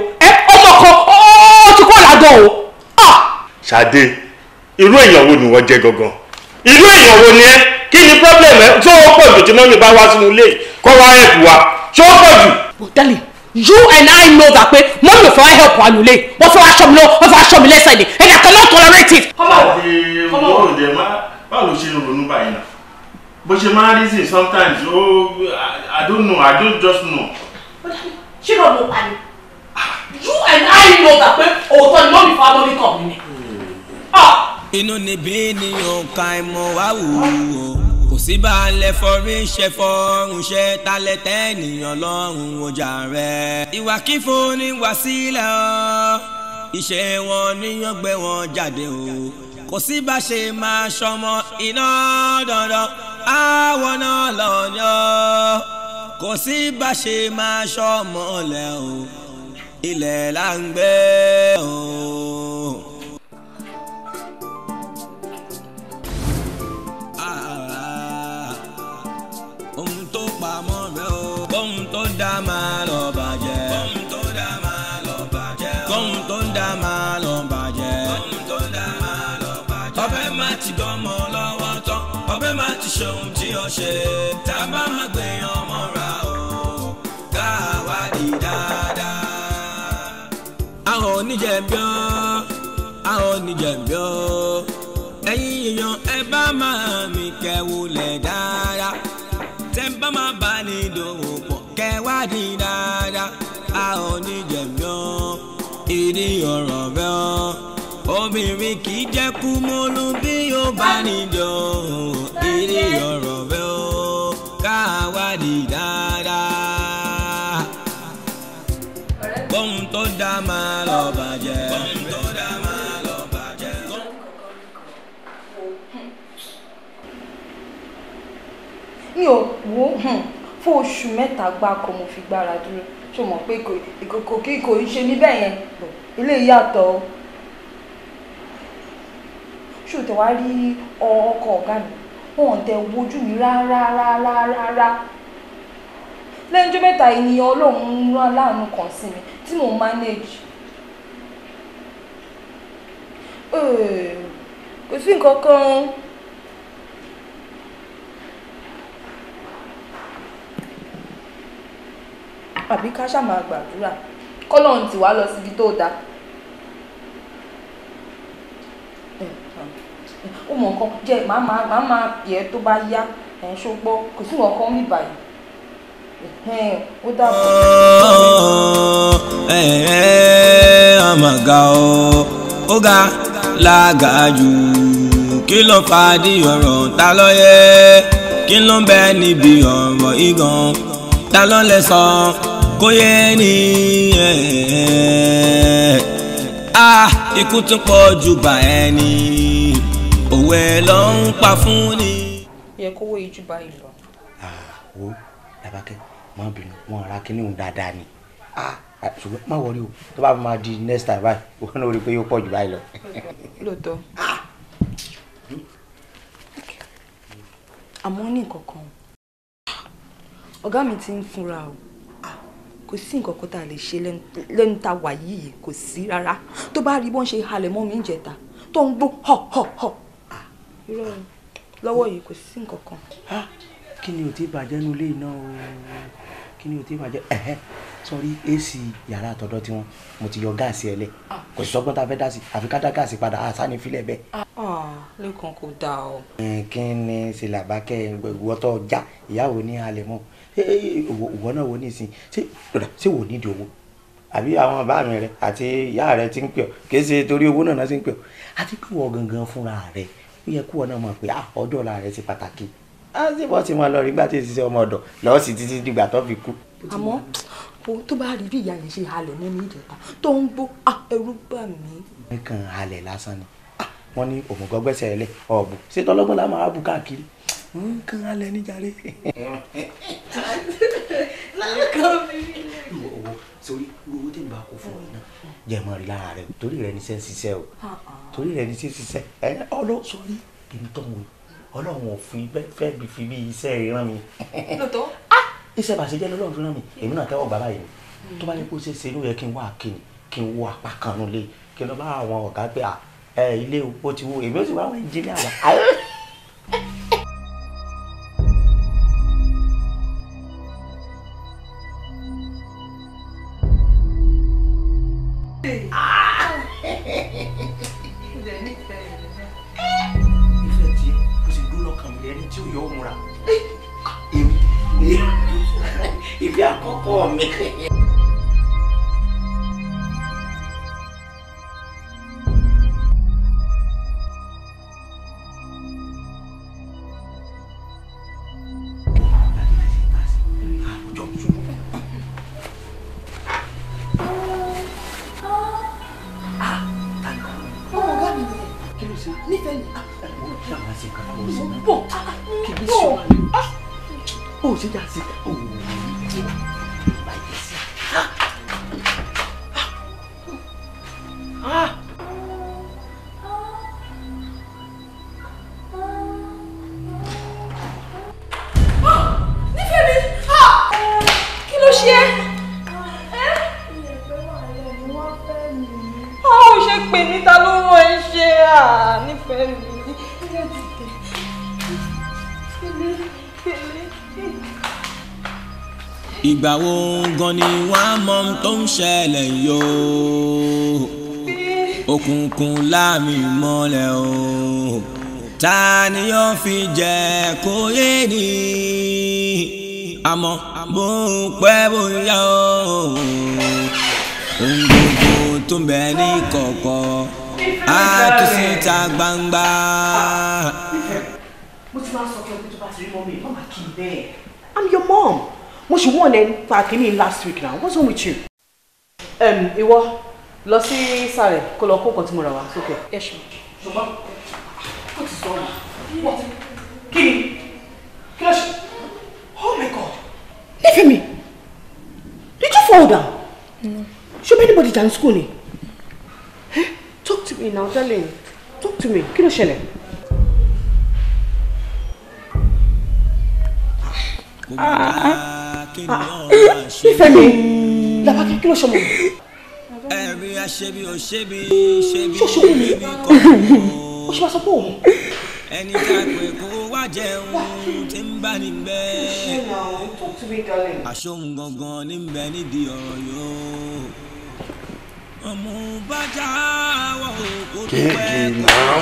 ọmọ kan ó ti kọ́ làgọ́ o. Ah! ṣàdé irú èèyàn wo ni wọ́n jẹ́ gangan irú èèyàn wo ni ẹ kí ni problem ẹ tí ó pọ̀ jù tí mọ́mí bá wá sínú ilé kọ́ wá ẹ̀kú wa ṣé ó pọ̀ jù. bọ̀dálì you and I know that pé mọ́mí ò fẹ́ help wa lulẹ̀ wọ́n fẹ́ wá aṣọ mi lọ wọ́n fẹ́ wá aṣọ mi lẹ́sẹ̀ ni and I cannot tolerate it. Come on, come on, dẹ̀ máa báwo ló ṣe ń ronú báyìí náà bó ṣe máa reason sometimes oh I don't know I don't just know. ṣé ló ló pa ni you and I know that pé òótọ́ ni mọ́mí fún amọ́mí kọ̀ mí ni. Hmm. Ah. inú níbí ni òǹkà ìmọ̀ wá wù ú kò sí balẹ̀ fọrí ṣe fọrùn ṣe talẹ̀ tẹ́nìyàn lọ́rùn ọjà rẹ̀. ìwà kífo ni wà sílẹ̀ ọ́ ìṣe wọn níyàn gbé wọn jáde o kò sí bá ṣe máa ṣọmọ iná dandan àwọn náà lọ́yọ́ kò sí bá ṣe máa ṣọmọ lẹ́ o ilẹ̀ là ń gbé o. dá máa lọ bàjẹ́. kọ́hún tó dá máa lọ bàjẹ́. kọ́hún tó dá máa lọ bàjẹ́. kọ́hún tó dá máa lọ bàjẹ́. ọbẹ̀ má ti o ká wádìí dáadáa. àwọn oníjẹ̀bíọ́ àwọn oníjẹ̀bíọ́ ẹ̀yin èèyàn ẹ bá máa mi kẹ́wò lẹ́dí. gidi ọ̀rọ̀ bẹ́ ọ. obìnrin kì í jẹ́ kú mọ́lú bí ó bá níjọ gidi ọ̀rọ̀ bẹ́ ọ. káwádìí dáadáa. bọ́n tó dá máa lọ bàjẹ́. mi ò wò hmm, fún oṣù mẹ́ta gbáko mo fi gbára dúró ṣó pé ìkòkò kí kò ń ṣe níbẹ̀ yẹn ilé yàtọ̀ o ṣùtẹ wá rí ọkọ ọ̀gá mi wọn tẹ wojú mi rárárárárá lẹ́jọ́ mẹ́ta ènìyàn ọlọ́run rán láàánú kan sí mi tí mò ń manage kò sí nǹkan kan àbí ká ṣáà máa gbàdúrà kọ́lọ́hún ti wá lọ síbi tó dáa. ó mọ nǹkan jẹ́ màá máa màá máa yẹ tó bá yá ẹ̀ ń ṣogbọ́ kò sí nǹkan kan mi báyìí ó dàbọ̀. àmàgà o ó ga lága jù kí ló fà á di ọ̀rọ̀ ta ló yẹ kí ló ń bẹ níbi ọ̀rọ̀ igan ta ló lè sọ kò yẹ ah ikú tún pọ̀ jù bá ẹni òwe ló ń pa fún ni. yẹ kówó ijú báyìí lọ. Ah, wo labakẹ́ máa bínú wọn ara kí níhùn dáadáa ni ah, ah, ṣùgbọ́n má wọrí o tó bá máa di next time báyìí wọn náà rí i pé yóò pọ̀ jù báyìí lọ. lóòótọ́ àmọ́ ní nǹkan kan ọ̀gá mi ti ń fúnra o kò sí nǹkan kan tá a lè ṣe lẹ́nu tá a wà yìí kò sí rárá tó bá rí bọ́n ṣe halẹ̀ mọ́ mi ń jẹta tó ń gbó họ̀ họ̀ họ̀ irọ́ lọ́wọ́ yìí kò sí nǹkan kan. kí ni ò ti bàjẹ́ nu ilé iná o kí ni ò ti bàjẹ́ ẹ̀hẹ́ sọrí èsì yàrá àtọ̀dọ̀ tiwọn mo ti yọ gáàsì ẹlẹ kò sì sọgbọ́n tá a fẹ́ dá sí àfi ká dá gáàsì padà àṣàní filẹ̀ bẹ́ẹ̀. lẹ́kàn kò dáa o. kí ni ṣe làbákẹ́ ìwọ́tọ̀ ọjà ìyàwó ní alẹ́ mọ́ ìwọ náà wo nísìn ṣé wò nídìí owó àbí àwọn bàbá mi rẹ àti ìyá rẹ ti ń pè ọ kì í ṣe torí owó náà ti ń pè ọ àti pé wọ gangan fúnra rẹ ó yẹ kí wọn náà mọ̀ pé ah, ọ̀dọ̀ ọ̀la rẹ ti pàtàkì á sì bọ́ sí wọn lọ rí gbà tí èsì ọmọ ọ̀dọ̀ lọ́ọ́ sí títí dìgbà tó fi kú. àmọ́ ohun tó bá rí bí ìyá yẹn ṣe halẹ̀ nínú ìjọba tó ń gbó ah, ẹrú bà mí. ẹ kàn halẹ̀ lásán ni ah, wọ́n ní nǹkan alẹ́ níjàre. sori owó tí n bá kó fún ọ náà jẹ mọ lára rẹ torí rẹ ní sẹ ń ṣiṣẹ́ o torí rẹ ní sẹ ń ṣiṣẹ́ ẹ ọlọ sori èmi tó ń wò Ọlọ́run ò fi fẹ́ bí fi bí iṣẹ́ rẹ rán mi. lóòótọ́ ah! iṣẹ́ bá ṣe jẹ́ lọ́lọ́run fi rán mi èmi náà tẹ́wọ́ bàbá yìí tó bá yẹ kó ṣe ṣe ló yẹ kí n wá kíni kí n wá apá kan nulẹ̀ kí n lọ bá àwọn ọ̀gá gbé à ilé o ti wo èmi ó sì wá àwọn ẹnjìnìá wa. Ah! ìfẹ́ tiẹ̀ kò sì dúró lọ́kàn mi lẹ́ni tí ò yọ òmùra èmi ìfẹ́ àkọ́kọ́ mi. ìgbà wo gan ni wọ́n á mọ ohun tó ń ṣẹlẹ̀ yó òkùnkùn láàmì mọ́lẹ̀ o ta ni yóò fi jẹ kó yé ni àmọ́ bó pẹ́ bóyá o ohun gbogbo tó ń bẹ ní kọ̀kọ̀ á tú síta gbangba. mo ti máa ń sọ fún ẹ tó bá ti rí mọ́ mi mọ́ màá kí n bẹ́ẹ̀. I'm your mom mo ṣì wọ́n ẹ̀ pa kínní last week now what's wrong with you. ìwọ lọ sí sàrẹ̀ kó lọ kó nǹkan tí mo rà wá sókè. ẹ ṣe ṣùgbọ́n ó ti sọ ọ́nà wọ́n kí ni kí ló ṣe oh my god. leave me did you fall down. No. ṣé anybody down school ni. Eh? talk to me now darling talk to me kí ló ṣẹlẹ̀. ah nífẹ̀ẹ́ mi làbákẹ́ kí ló ṣọmọ mi. ẹ̀rí aṣebi òṣebi ṣebi òṣebi kọ́ ó ṣe máa sọ pé òun. ẹni tá a pè kó wá jẹun tí ń bá ní bẹ́ẹ̀. àṣohun gangan ní bẹ́ẹ̀ nídìí ọ̀rọ̀ yóò kéèké náà.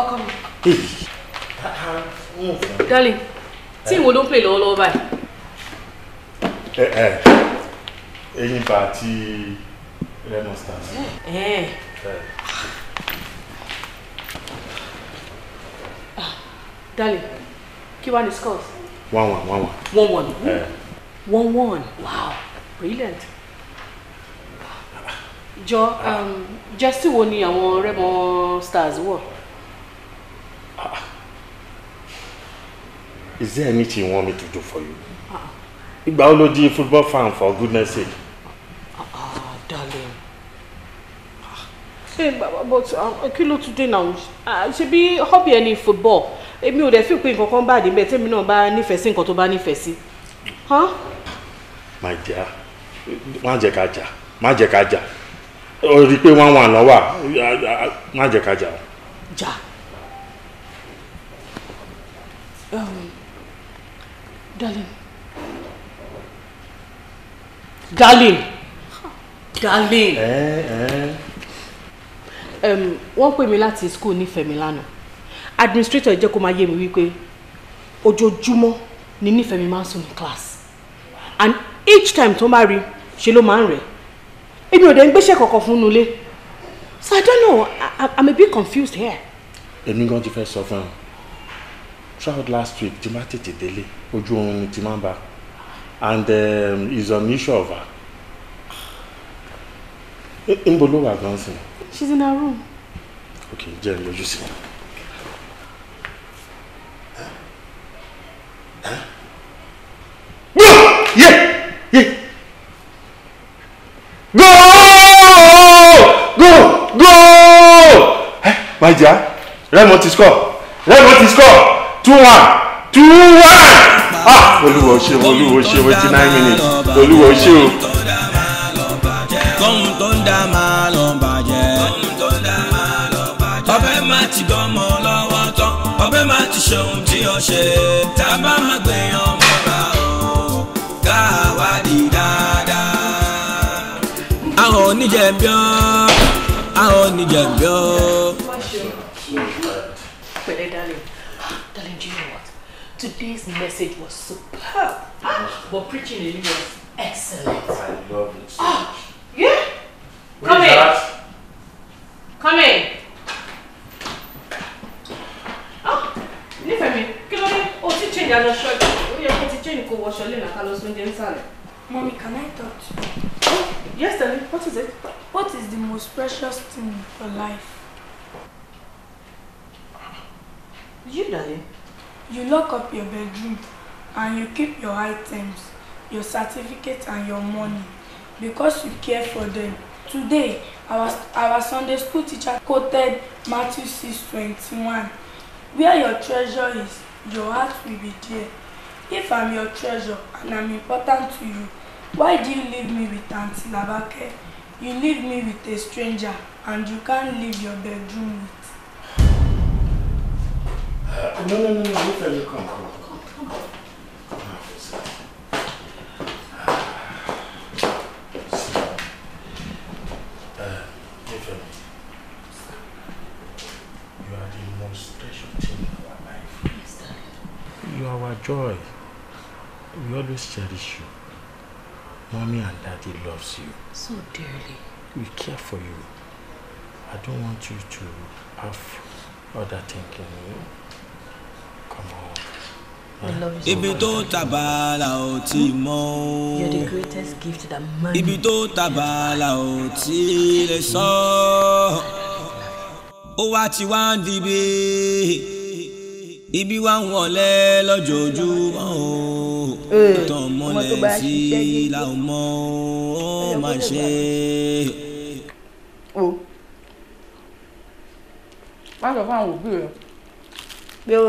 ọkọ mi. darling tí ìwọ ló ń pè lọ́wọ́lọ́wọ́ báyìí ẹyin eh, eh. bá ti lemon stars. Dale, kí wá ní scores? One one one one. One one. Uh, one one. Wow, brilliant. Jọ ah. um, jẹ́sí wo ni àwọn Remo stars wọ̀? Ah. Is there anything you want me to do for you? igba wo ló di football fan for goodness sake. ah darling ah, ṣe but kí ló tún dé náà ah, ṣebí hobby ẹni football èmi ò dẹ̀ fi pé nǹkan kan bá dé bẹ́ẹ̀ tèmi náà bá nífẹ̀ẹ́ sí nǹkan tó bá nífẹ̀ẹ́ sí. my dear má jẹ́ ká jà má jẹ́ ká jà o rí i pé wọ́n wà lọ́wọ́ má jẹ́ ká jà. jà um, darling darling darling wọ́n pè mí láti school nífẹ̀ẹ́ mi administrator jẹ́ kó máa yé mi wípé ojoojúmọ́ ni nífẹ̀ẹ́ mi máa ń sùn ní class and each time tó bá rí ṣe ló máa ń rẹ̀ èmi ò dẹ̀ ń gbéṣẹ́ kankan fún nulẹ̀ so i don't know I, i'm a bit confused here. èmi gan ti fẹ́ sọ fún un throughout last week tí máa tètè délé ojú oorun ti máa ń ba and um, is on issue of her. Níbo eh, eh, ló She's in her room. Okay, jẹ́ ẹ lójú sí. Yeah! Yeah! Go! Go! Go! Eh, my dear, Raymond ti score. Raymond ti score. 2-1. 2-1. Ah, olúwa ò ṣe o olúwa ṣe o eighty nine minutes olúwa ò ṣe o. kọ́hún tó ń dá máa lọ bàjẹ́ ọbẹ̀ má ti dánmọ́ lọ́wọ́ tán ọbẹ̀ má ti ṣeun tí ó ṣe tábà má gbẹ̀yàn mọ́ra o káwádìí dáadáa. àwọn oníjẹ̀bíọ́ àwọn oníjẹ̀bíọ́. Today's message was superb. Ah, but preaching in was excellent. I love it. So ah, yeah? Where Come in. That? Come in. Ah, nífẹ̀ẹ́ mi, kí ló dé? O ti change aṣọ ṣọ́ọ̀tì. Ó yẹ kó ti change kó wọṣọ lé nàka lọ sóúnjẹ inside. Mommy, can I touch? Oh, yes, darling. What is it? What is the most precious thing for life? You, darling. You lock up your bedroom and you keep your items, your certificate and your money because you care for them. Today, our, our Sunday school teacher quoted Matthew 6:21, Where your treasure is, your heart will be there. If I'm your treasure and I'm important to you, why do you leave me with Auntie Labake? You leave me with a stranger and you can't leave your bedroom with Uh, no, no, no, no, you tell me, come, come, come. Come, ah, come. Uh, you are our joy. We always cherish you. Mommy and daddy loves you. So dearly. We care for you. I don't want you to have other thinking. You eh? know? ibi tó tabala ò tí mọ o ibi tó tabala ò tí lè sọ ó wá ti wá ń dibi ibi wá ń wọlé lójoojúmọ́ o eh, tàn mọ́lẹ̀ sí i la ó má ṣe. o má sọ fún àwọn òbí rẹ pé o.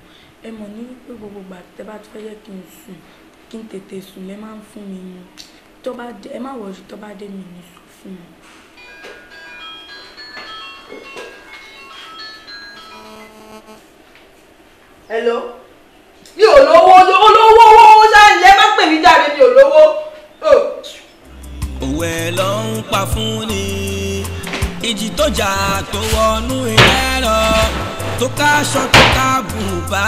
ẹ mọ̀ ní pé gbogbo ìgbà tẹ́ bá fẹ́ yẹ kí n sùn kí n tètè sùn lẹ́ máa ń fún mi mu tó bá dé ẹ má wọ̀ọ́sì tó bá dé mi ní sùn fún mi. hello mi ò lówó olówó olówó owó ṣáà ń yẹ má pè mí jáde mi ò lówó. Oh. òwe ló ń pa fún ni ìjì tó jà tó wọnú ilé lọ tó káṣọ tó kábùbá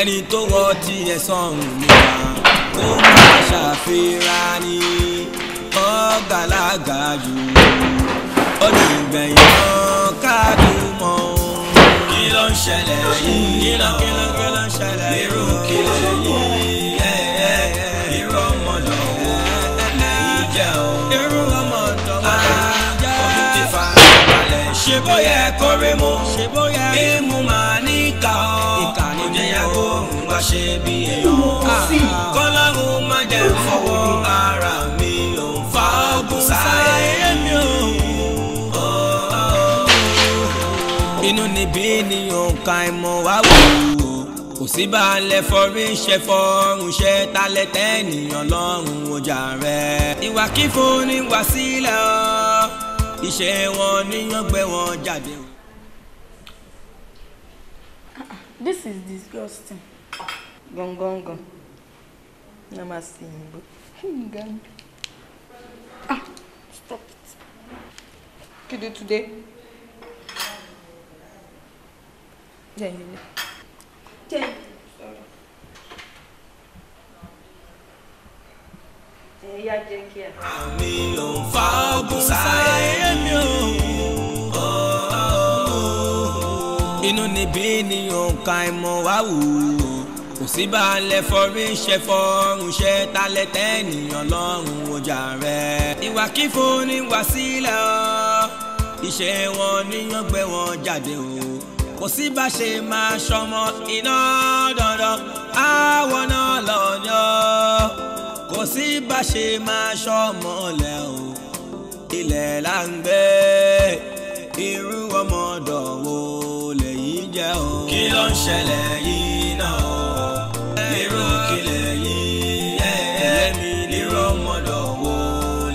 ẹni tó rọ tiẹ̀ sọ̀rùn nípa ó máa ṣàfihàn ni ọ̀gàlágà jù ó ní ìgbẹ̀yìn náà káàdì mọ́ kí ló ń ṣẹlẹ̀ yìí kí ló ń ṣẹlẹ̀ yìí. sáré mo bí mo máa ní ìka ọ́ mo jẹ́ yàgò wá ṣe bí èèyàn kọ́lárun má jẹ́ fọwọ́ ara mi ò fa ogun sáyé mi ò. inú níbí ni òǹkà ìmọ̀ wá wò ó kò sí balẹ̀ fọrí ṣe fọrùn ṣe talẹ̀ tẹ́nìyàn lọ́rùn ọjà rẹ̀. ìwà kífo ni wàsílẹ̀ ọ́ iṣẹ́ wọn níyàn gbé jáde. This is disgusting. Gong gong gong. Namaste. Hmm, Gone. Ah, stop it. What you do today? Yeah, yeah, yeah. Jane. Sorry. Yeah, yeah. inú níbí ni òǹkà ìmọ̀ wá wù ú kò sí bá a lẹ fọrí ṣe fọrùn ṣe ta lẹ tẹ́nìyàn lọ́rùn ọjà rẹ̀. ìwà kífo ni wà sílẹ̀ ọ́ ìṣe wọn níyàn gbé wọn jáde o kò sí bá ṣe máa ṣọmọ iná dandan àwọn náà lọ́jọ́ kò sí bá ṣe máa ṣọmọ lẹ́ o ilẹ̀ là ń gbé irú ọmọ dọ̀wọ́ ṣẹlẹ̀ o. kí ló ń ṣẹlẹ̀ yìí náà o. irú kílẹ̀ yìí ẹ̀ mi nírò mọ́dọ̀ wo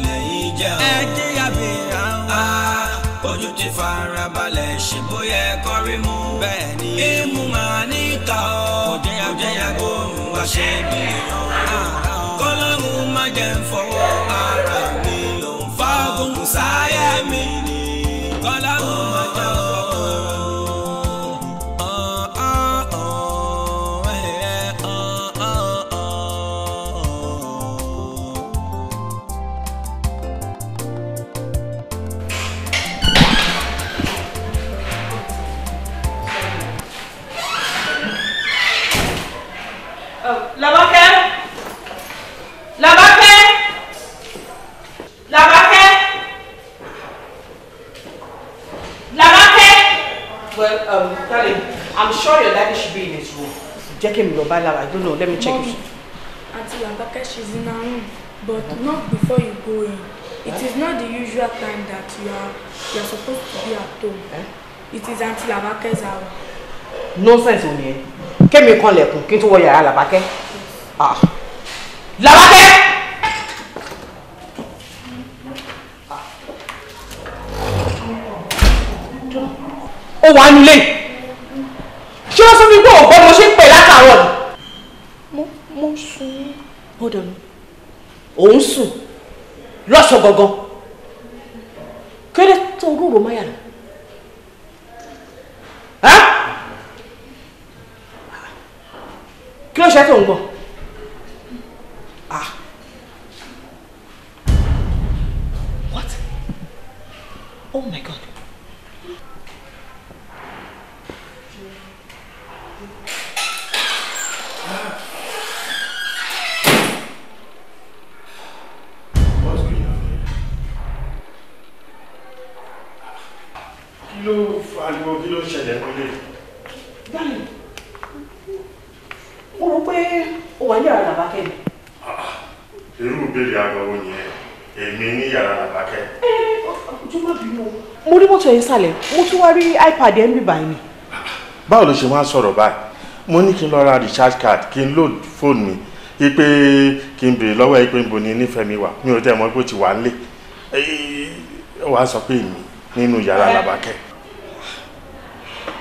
lẹ́yìn jẹ́ o. ẹ jẹ́ àbí àwọn. ojú ti fara balẹ̀ ṣe bóyá ẹ̀kọ́ rí mu. bẹ́ẹ̀ni imú máa níta o. kò jẹ́ àgbo jẹ́ wá ṣe gbìyànjú. kọ́lọ́run má jẹ́ ń fọwọ́ ara mi lòún fagùn sáyé. sure your daddy should be in his room. Jẹ́ kí mi lọ I don't know. Let me check Mommy, it. Aunty Lambake, she's in her room. But not before you go in. It eh? is not the usual time that you are, you are supposed to be at home. Eh? It is Aunty Lambake's hour. Nonsense ò ní ẹ. Kémi kan lẹ̀kùn kí n tún wọ yàrá Làbákẹ́. Ah. Làbákẹ́! Ah. Ó wà late? ṣé wọ́n sọ mi pé òògbọ́n mo ṣe ń pè látàárọ̀ ni. mo mo sùn. hold on òun sùn lọ́sọ̀ gangan kéré tó rúurú máyà rẹ̀ kí ló ṣe tó ń gbọ́n. pàdé ẹ̀ ń bìbà yìí ni. báwo ló ṣe máa ń sọ̀rọ̀ báyìí mo ní kí n lọ ra recharge card kí n load fóònù mi ipe kí n béèrè lọ́wọ́ ipe nbo ni nífẹ̀ẹ́ mi wà mi ò tẹ́ mọ̀ pé ó ti wà ń lé wà á sọ pé èmi nínú yàrá làbákẹ́.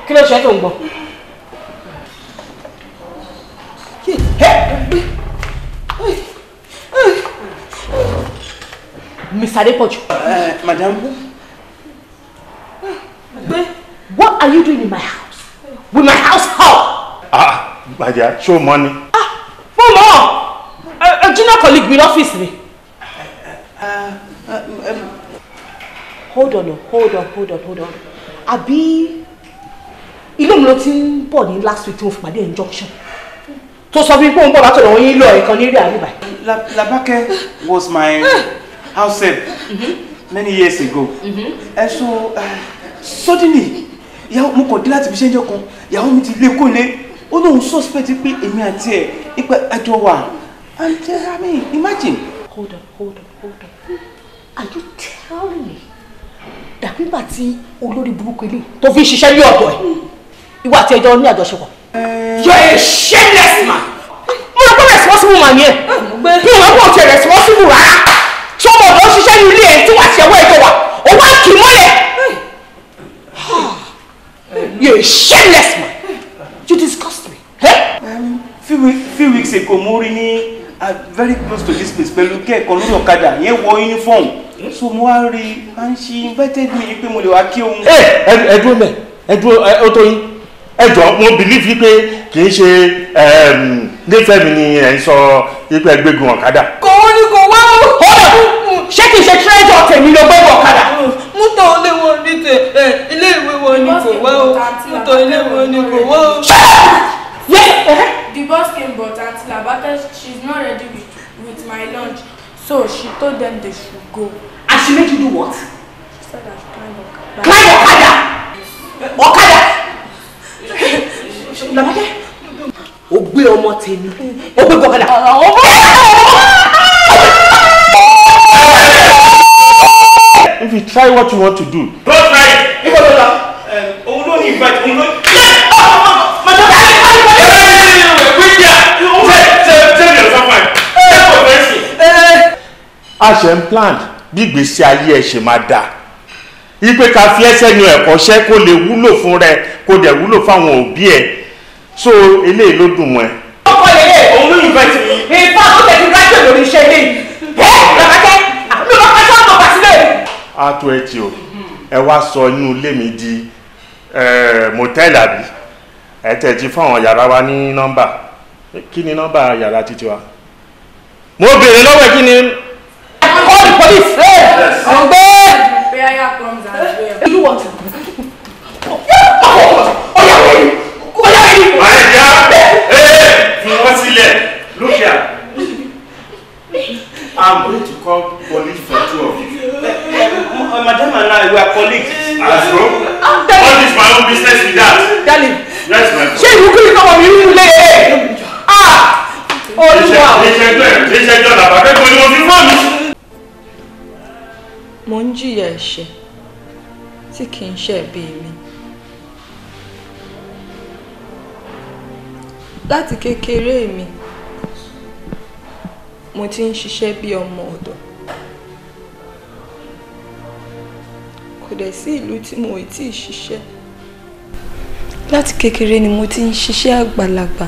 kí ló ṣe tó ń gbọ́. Mr. Adepoju. Uh, madam. What are you doing in my house? With my house how? Ah, Bàjá, show money. Ah, mo mọ̀ A junior colleague will mi lọ́fíìsì um. Hold on, hold on, hold on, hold on. Abi, ilé mi ló ti ń bọ̀ last week tí my injunction To sọ fún mi pé òun bọ̀ látọ̀dọ̀ òun yín lọ ẹ̀kan ní rí Labake was my house help mm -hmm. many years ago. Mm -hmm. And so uh, suddenly ìyàwó mo kàn dé láti fi ṣẹ́jọ́ kan ìyàwó mi ti lé kó lé ó lóun suspect pé èmi àti ẹ̀ ipa àjọ wà and uh, I mean imagine. hold on hold on hold on are you telling me dàbí ìgbà tí olórí burúkú ilé tó fi ṣiṣẹ́ ní ọ̀dọ̀ ẹ̀ ìwà àti ẹjọ́ ní àjọṣepọ̀. Eh. you are a shameless man. mo rò pé responsible man yẹn bí wọn kò tẹ responsible rárá ṣọmọ ọdọ ṣiṣẹ́ ní ilé ẹ̀ tí wàá ṣẹwọ́ ẹjọ́ wa òun á kì í mọ́lẹ̀. You're a shameless man. You disgust me. Hey? Um, few, few weeks ago, Morini, rí uh, very close to this place pẹ̀lú kẹ́ẹ̀kan lórí ọ̀kadà yẹn wọ uniform. Hmm? So mo wá rí and she invited me You mo lè wá kí òun. Eh, ẹ ẹ dúró mẹ́, ẹ dúró ẹ ó mo believe yí pé kì í ṣe um, nífẹ̀ẹ́ mi ni ẹ̀ ń sọ yí pé ẹ gbégun ọ̀kadà. Kò ó ní kò wá ó. Ṣé kìí ṣe treasure tèmi lọ gbẹ́gun ọ̀kadà? Mú tó léwu tẹ ẹ ilé ìwé wo ni kò wá o mo ilé ìwé ni kò wá o. the boss came but aunty labate she's not ready with, with my lunch so she told them they should go. and she make you do what. she said i should climb okada. climb okada okada labate o gbé ọmọ tèmi o gbé gbọkada. if you try what you want to do. don't try it nígbà tó ta òun ló ní invite òun ló. a ṣe ń plan bí ìgbésí ayé ẹ ṣe máa dáa ipe ká fi ẹsẹ̀ nu ẹ̀kọ́ṣẹ́ kó lè wúlò fún rẹ kó dẹ̀ wúlò fáwọn òbí ẹ so eléyìí ló dùn mọ́ ẹ. ọkọ ilé òun ló yìnbọn ti yìí. ìfọ̀n tó tẹ̀síwájú lórí iṣẹ́ ilé yìí. bẹ́ẹ̀ lọ́kàtà á tó ẹ ti o ẹ wá sọ inú ilé mi di mọtẹ́ẹ̀lì àbí ẹ tẹ̀ ti fáwọn yàrá wa ní nọ́mbà kí ni nọ́mbà yàrá títí wa mo béèrè lọ́wọ́ ẹ kí ni. call the police ẹ ọgbẹ. prayer comes as well. you want to. ọyà wẹ̀yìn ọyà wẹ̀yìn. ọyà ẹ fi wọ́n sílẹ̀ lókè à. [laughs] I'm going to call police for two of you. Oh, my madam and I, we are colleagues. That's wrong. Oh, All this my own business with that. Darling. That's my fault. Ṣé ìwúkúrú kan wọ̀ mí nínú ilé ẹ̀? Ah! Olúwa. Ìṣẹ́jọ́ ẹ̀ ìṣẹ́jọ́ làbà kẹ́kọ̀ọ́ ni mo fi mọ́ mi. Mo ń jìyà ẹ̀ṣẹ̀ tí kì í ṣe ẹ̀bi mi. Láti kékeré mi, mo ti ń ṣiṣẹ́ bí ọmọ ọ̀dọ̀. kò dẹ̀ sí ìlú tí mo ì tí ì ṣiṣẹ́ láti kékeré ni mo ti ń ṣiṣẹ́ àgbàlagbà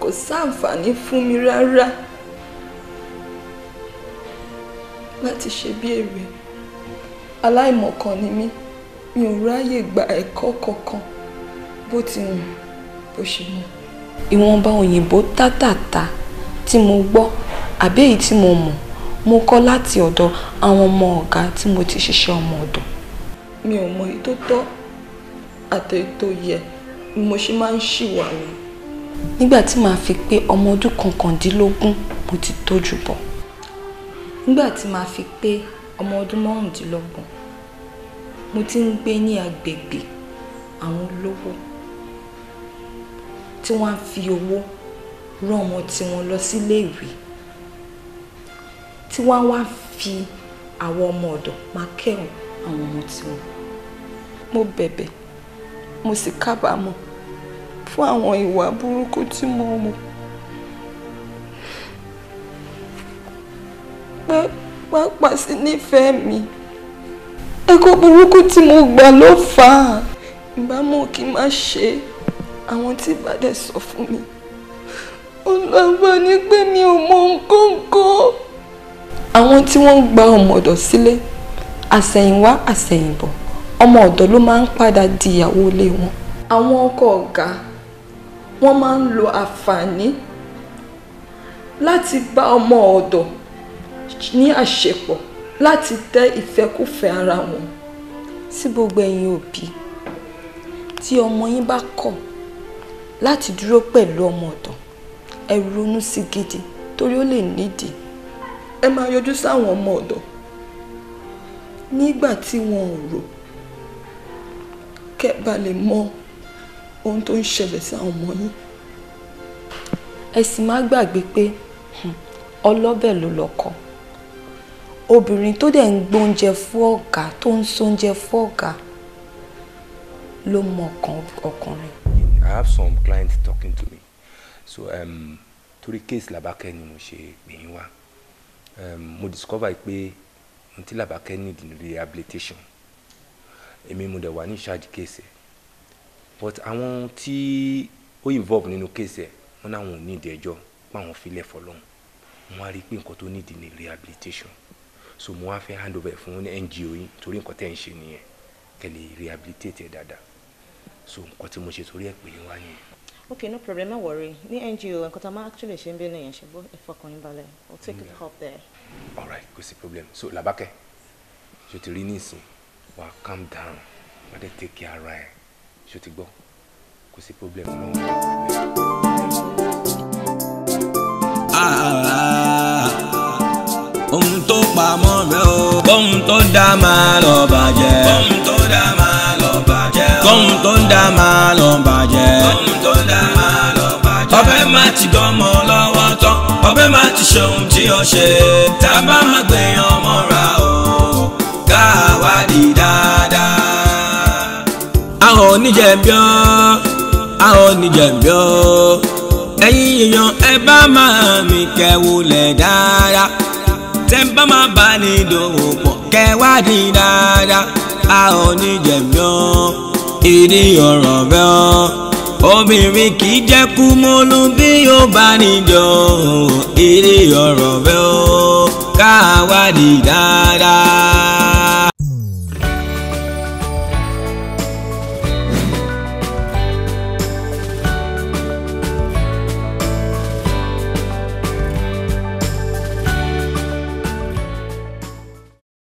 kò sáǹfààní fún mi rárá láti ṣe bí èrè aláìmọ̀kan ni mí mi ò ráyè gba ẹ̀kọ́ kankan bó ti wù bó ṣe mọ́. ìwọ̀nba òyìnbó tátàtà tí mo gbọ́ àbí èyí tí mo mọ̀ mo kọ́ láti ọ̀dọ̀ àwọn ọmọ ọ̀gá tí mo ti ṣiṣẹ́ ọmọ ọ̀dọ̀. mi ò mọ èyí tó tọ́ àti èyí tó yẹ ni mo ṣe máa ń ṣìwà mi. nígbà tí màá fi pé ọmọ ọdún kọkàndínlógún mo ti tójú bọ̀. nígbà tí màá fi pé ọmọ ọdún márùndínlọ́gbọ̀n mo ti ń gbé ní agbègbè àwọn olówó tí wọ́n á fi owó rán ọmọ tiwọn lọ síléèwé. Si tí wọ́n wá fi àwọn ọmọ ọ̀dọ̀ máa kẹ́rùn àwọn ọmọ tiwọn. mo bẹ̀bẹ̀ mo sì kábàámọ̀ fún àwọn ìwà burúkú tí mo mú pápá sí nífẹ̀ẹ́ mi ẹ̀kọ́ burúkú tí mo gbà ló fà á ìbámu kí n má ṣe àwọn tí ìbàdàn sọ fún mi ọlọ́gbọ́n ni pé mi ò mọ nǹkan kan àwọn tí wọ́n ń gba ọmọ ọ̀dọ̀ sílé àsẹ̀yìnwá àsẹ̀yìnbọ̀ ọmọ ọ̀dọ̀ ló máa ń padà di ìyàwó ilé wọn. àwọn ọkọ ọ̀gá wọ́n máa ń lo àǹfààní láti bá ọmọ ọ̀dọ̀ ní àṣepọ̀ láti tẹ́ ìfẹ́kùfẹ́ ara wọn sí gbogbo ẹ̀yin òbí tí ọmọ yín bá kọ̀ láti dúró pẹ̀lú ọmọ ọ̀dọ̀ ẹ ronú sí gidi torí ó lè nídìí ẹ máa yọjú sáwọn ọmọ ọ̀dọ̀ nígbà tí wọn ò rò kẹ́ bá lè mọ ohun tó ń ṣẹlẹ̀ sáwọn ọmọ yín ẹ sì má gbàgbé pé hmm, ọlọ́bẹ̀ ló lọ́kọ obìnrin tó dẹ̀ ń gbóúnjẹ fún ọ̀gá tó ń sóúnjẹ fún ọ̀gá ló mọ ọkùnrin. I have some clients talking to me so um, torí case Làbákẹ́ ni mo ṣe gbìyànjú wa um, mo discover pé n tí Làbákẹ́ need rehabilitation èmi mo dẹ̀ wà ní ìṣáájú kéèsì but àwọn tí ó involve nínú kéèsì ẹ̀ wọ́n náà wọn ò ní ìdí ẹjọ́ páwọn filẹ̀ fọlọ́hún wọ́n á rí i pé nǹkan tó need ni rehabilitation so mo wá fẹ́ hand over fún NGO yín torí nǹkan tẹ́ ń ṣe nìyẹn kẹ́ lè rehabilitate ẹ̀ dáadáa so nǹkan tí mo ṣe torí ẹ̀ pé wá nìyẹn okay no problem no worry ní ngo and tá actually ṣe ń bí nìyẹn ṣùgbọ́n ẹ fọkàn yín balẹ̀ we'll take yeah. it up mm. there. all right kò sí problem so labake, ṣó ti rí ní calm down wàá dẹ̀ take care ara ẹ̀ ṣó ti gbọ́ kò sí problem lọ́wọ́. ohun tó pamọ́ rẹ̀ o. ohun tó dá máa lọ bàjẹ́. ohun tó dá máa lọ bàjẹ́. ohun tó dá máa lọ bàjẹ́ ti gbọ́mọ lọ́wọ́ tán ọbẹ̀ máa ti ṣohun tí ó ṣe tá a bá máa gbẹ̀yàn mọ́ra o ká wádìí dáadáa. ahọ́n oníjẹ̀bíọ́ ahọ́n oníjẹ̀bíọ́ ẹ̀yin èèyàn ẹ bá máa mi kẹ́wulẹ̀ dáadáa tẹ́ ń bá máa bá ní ìdòwò pọ̀ kẹ́wádìí dáadáa ahọ́n oníjẹ̀bíọ́ ìdí ọ̀rọ̀ bẹ́ẹ̀ obìnrin kì í jẹ́ kú mọ́lú bí yóò bá níjọ eré ọ̀rọ̀ bẹ́ẹ̀ ó káwádìí dáadáa.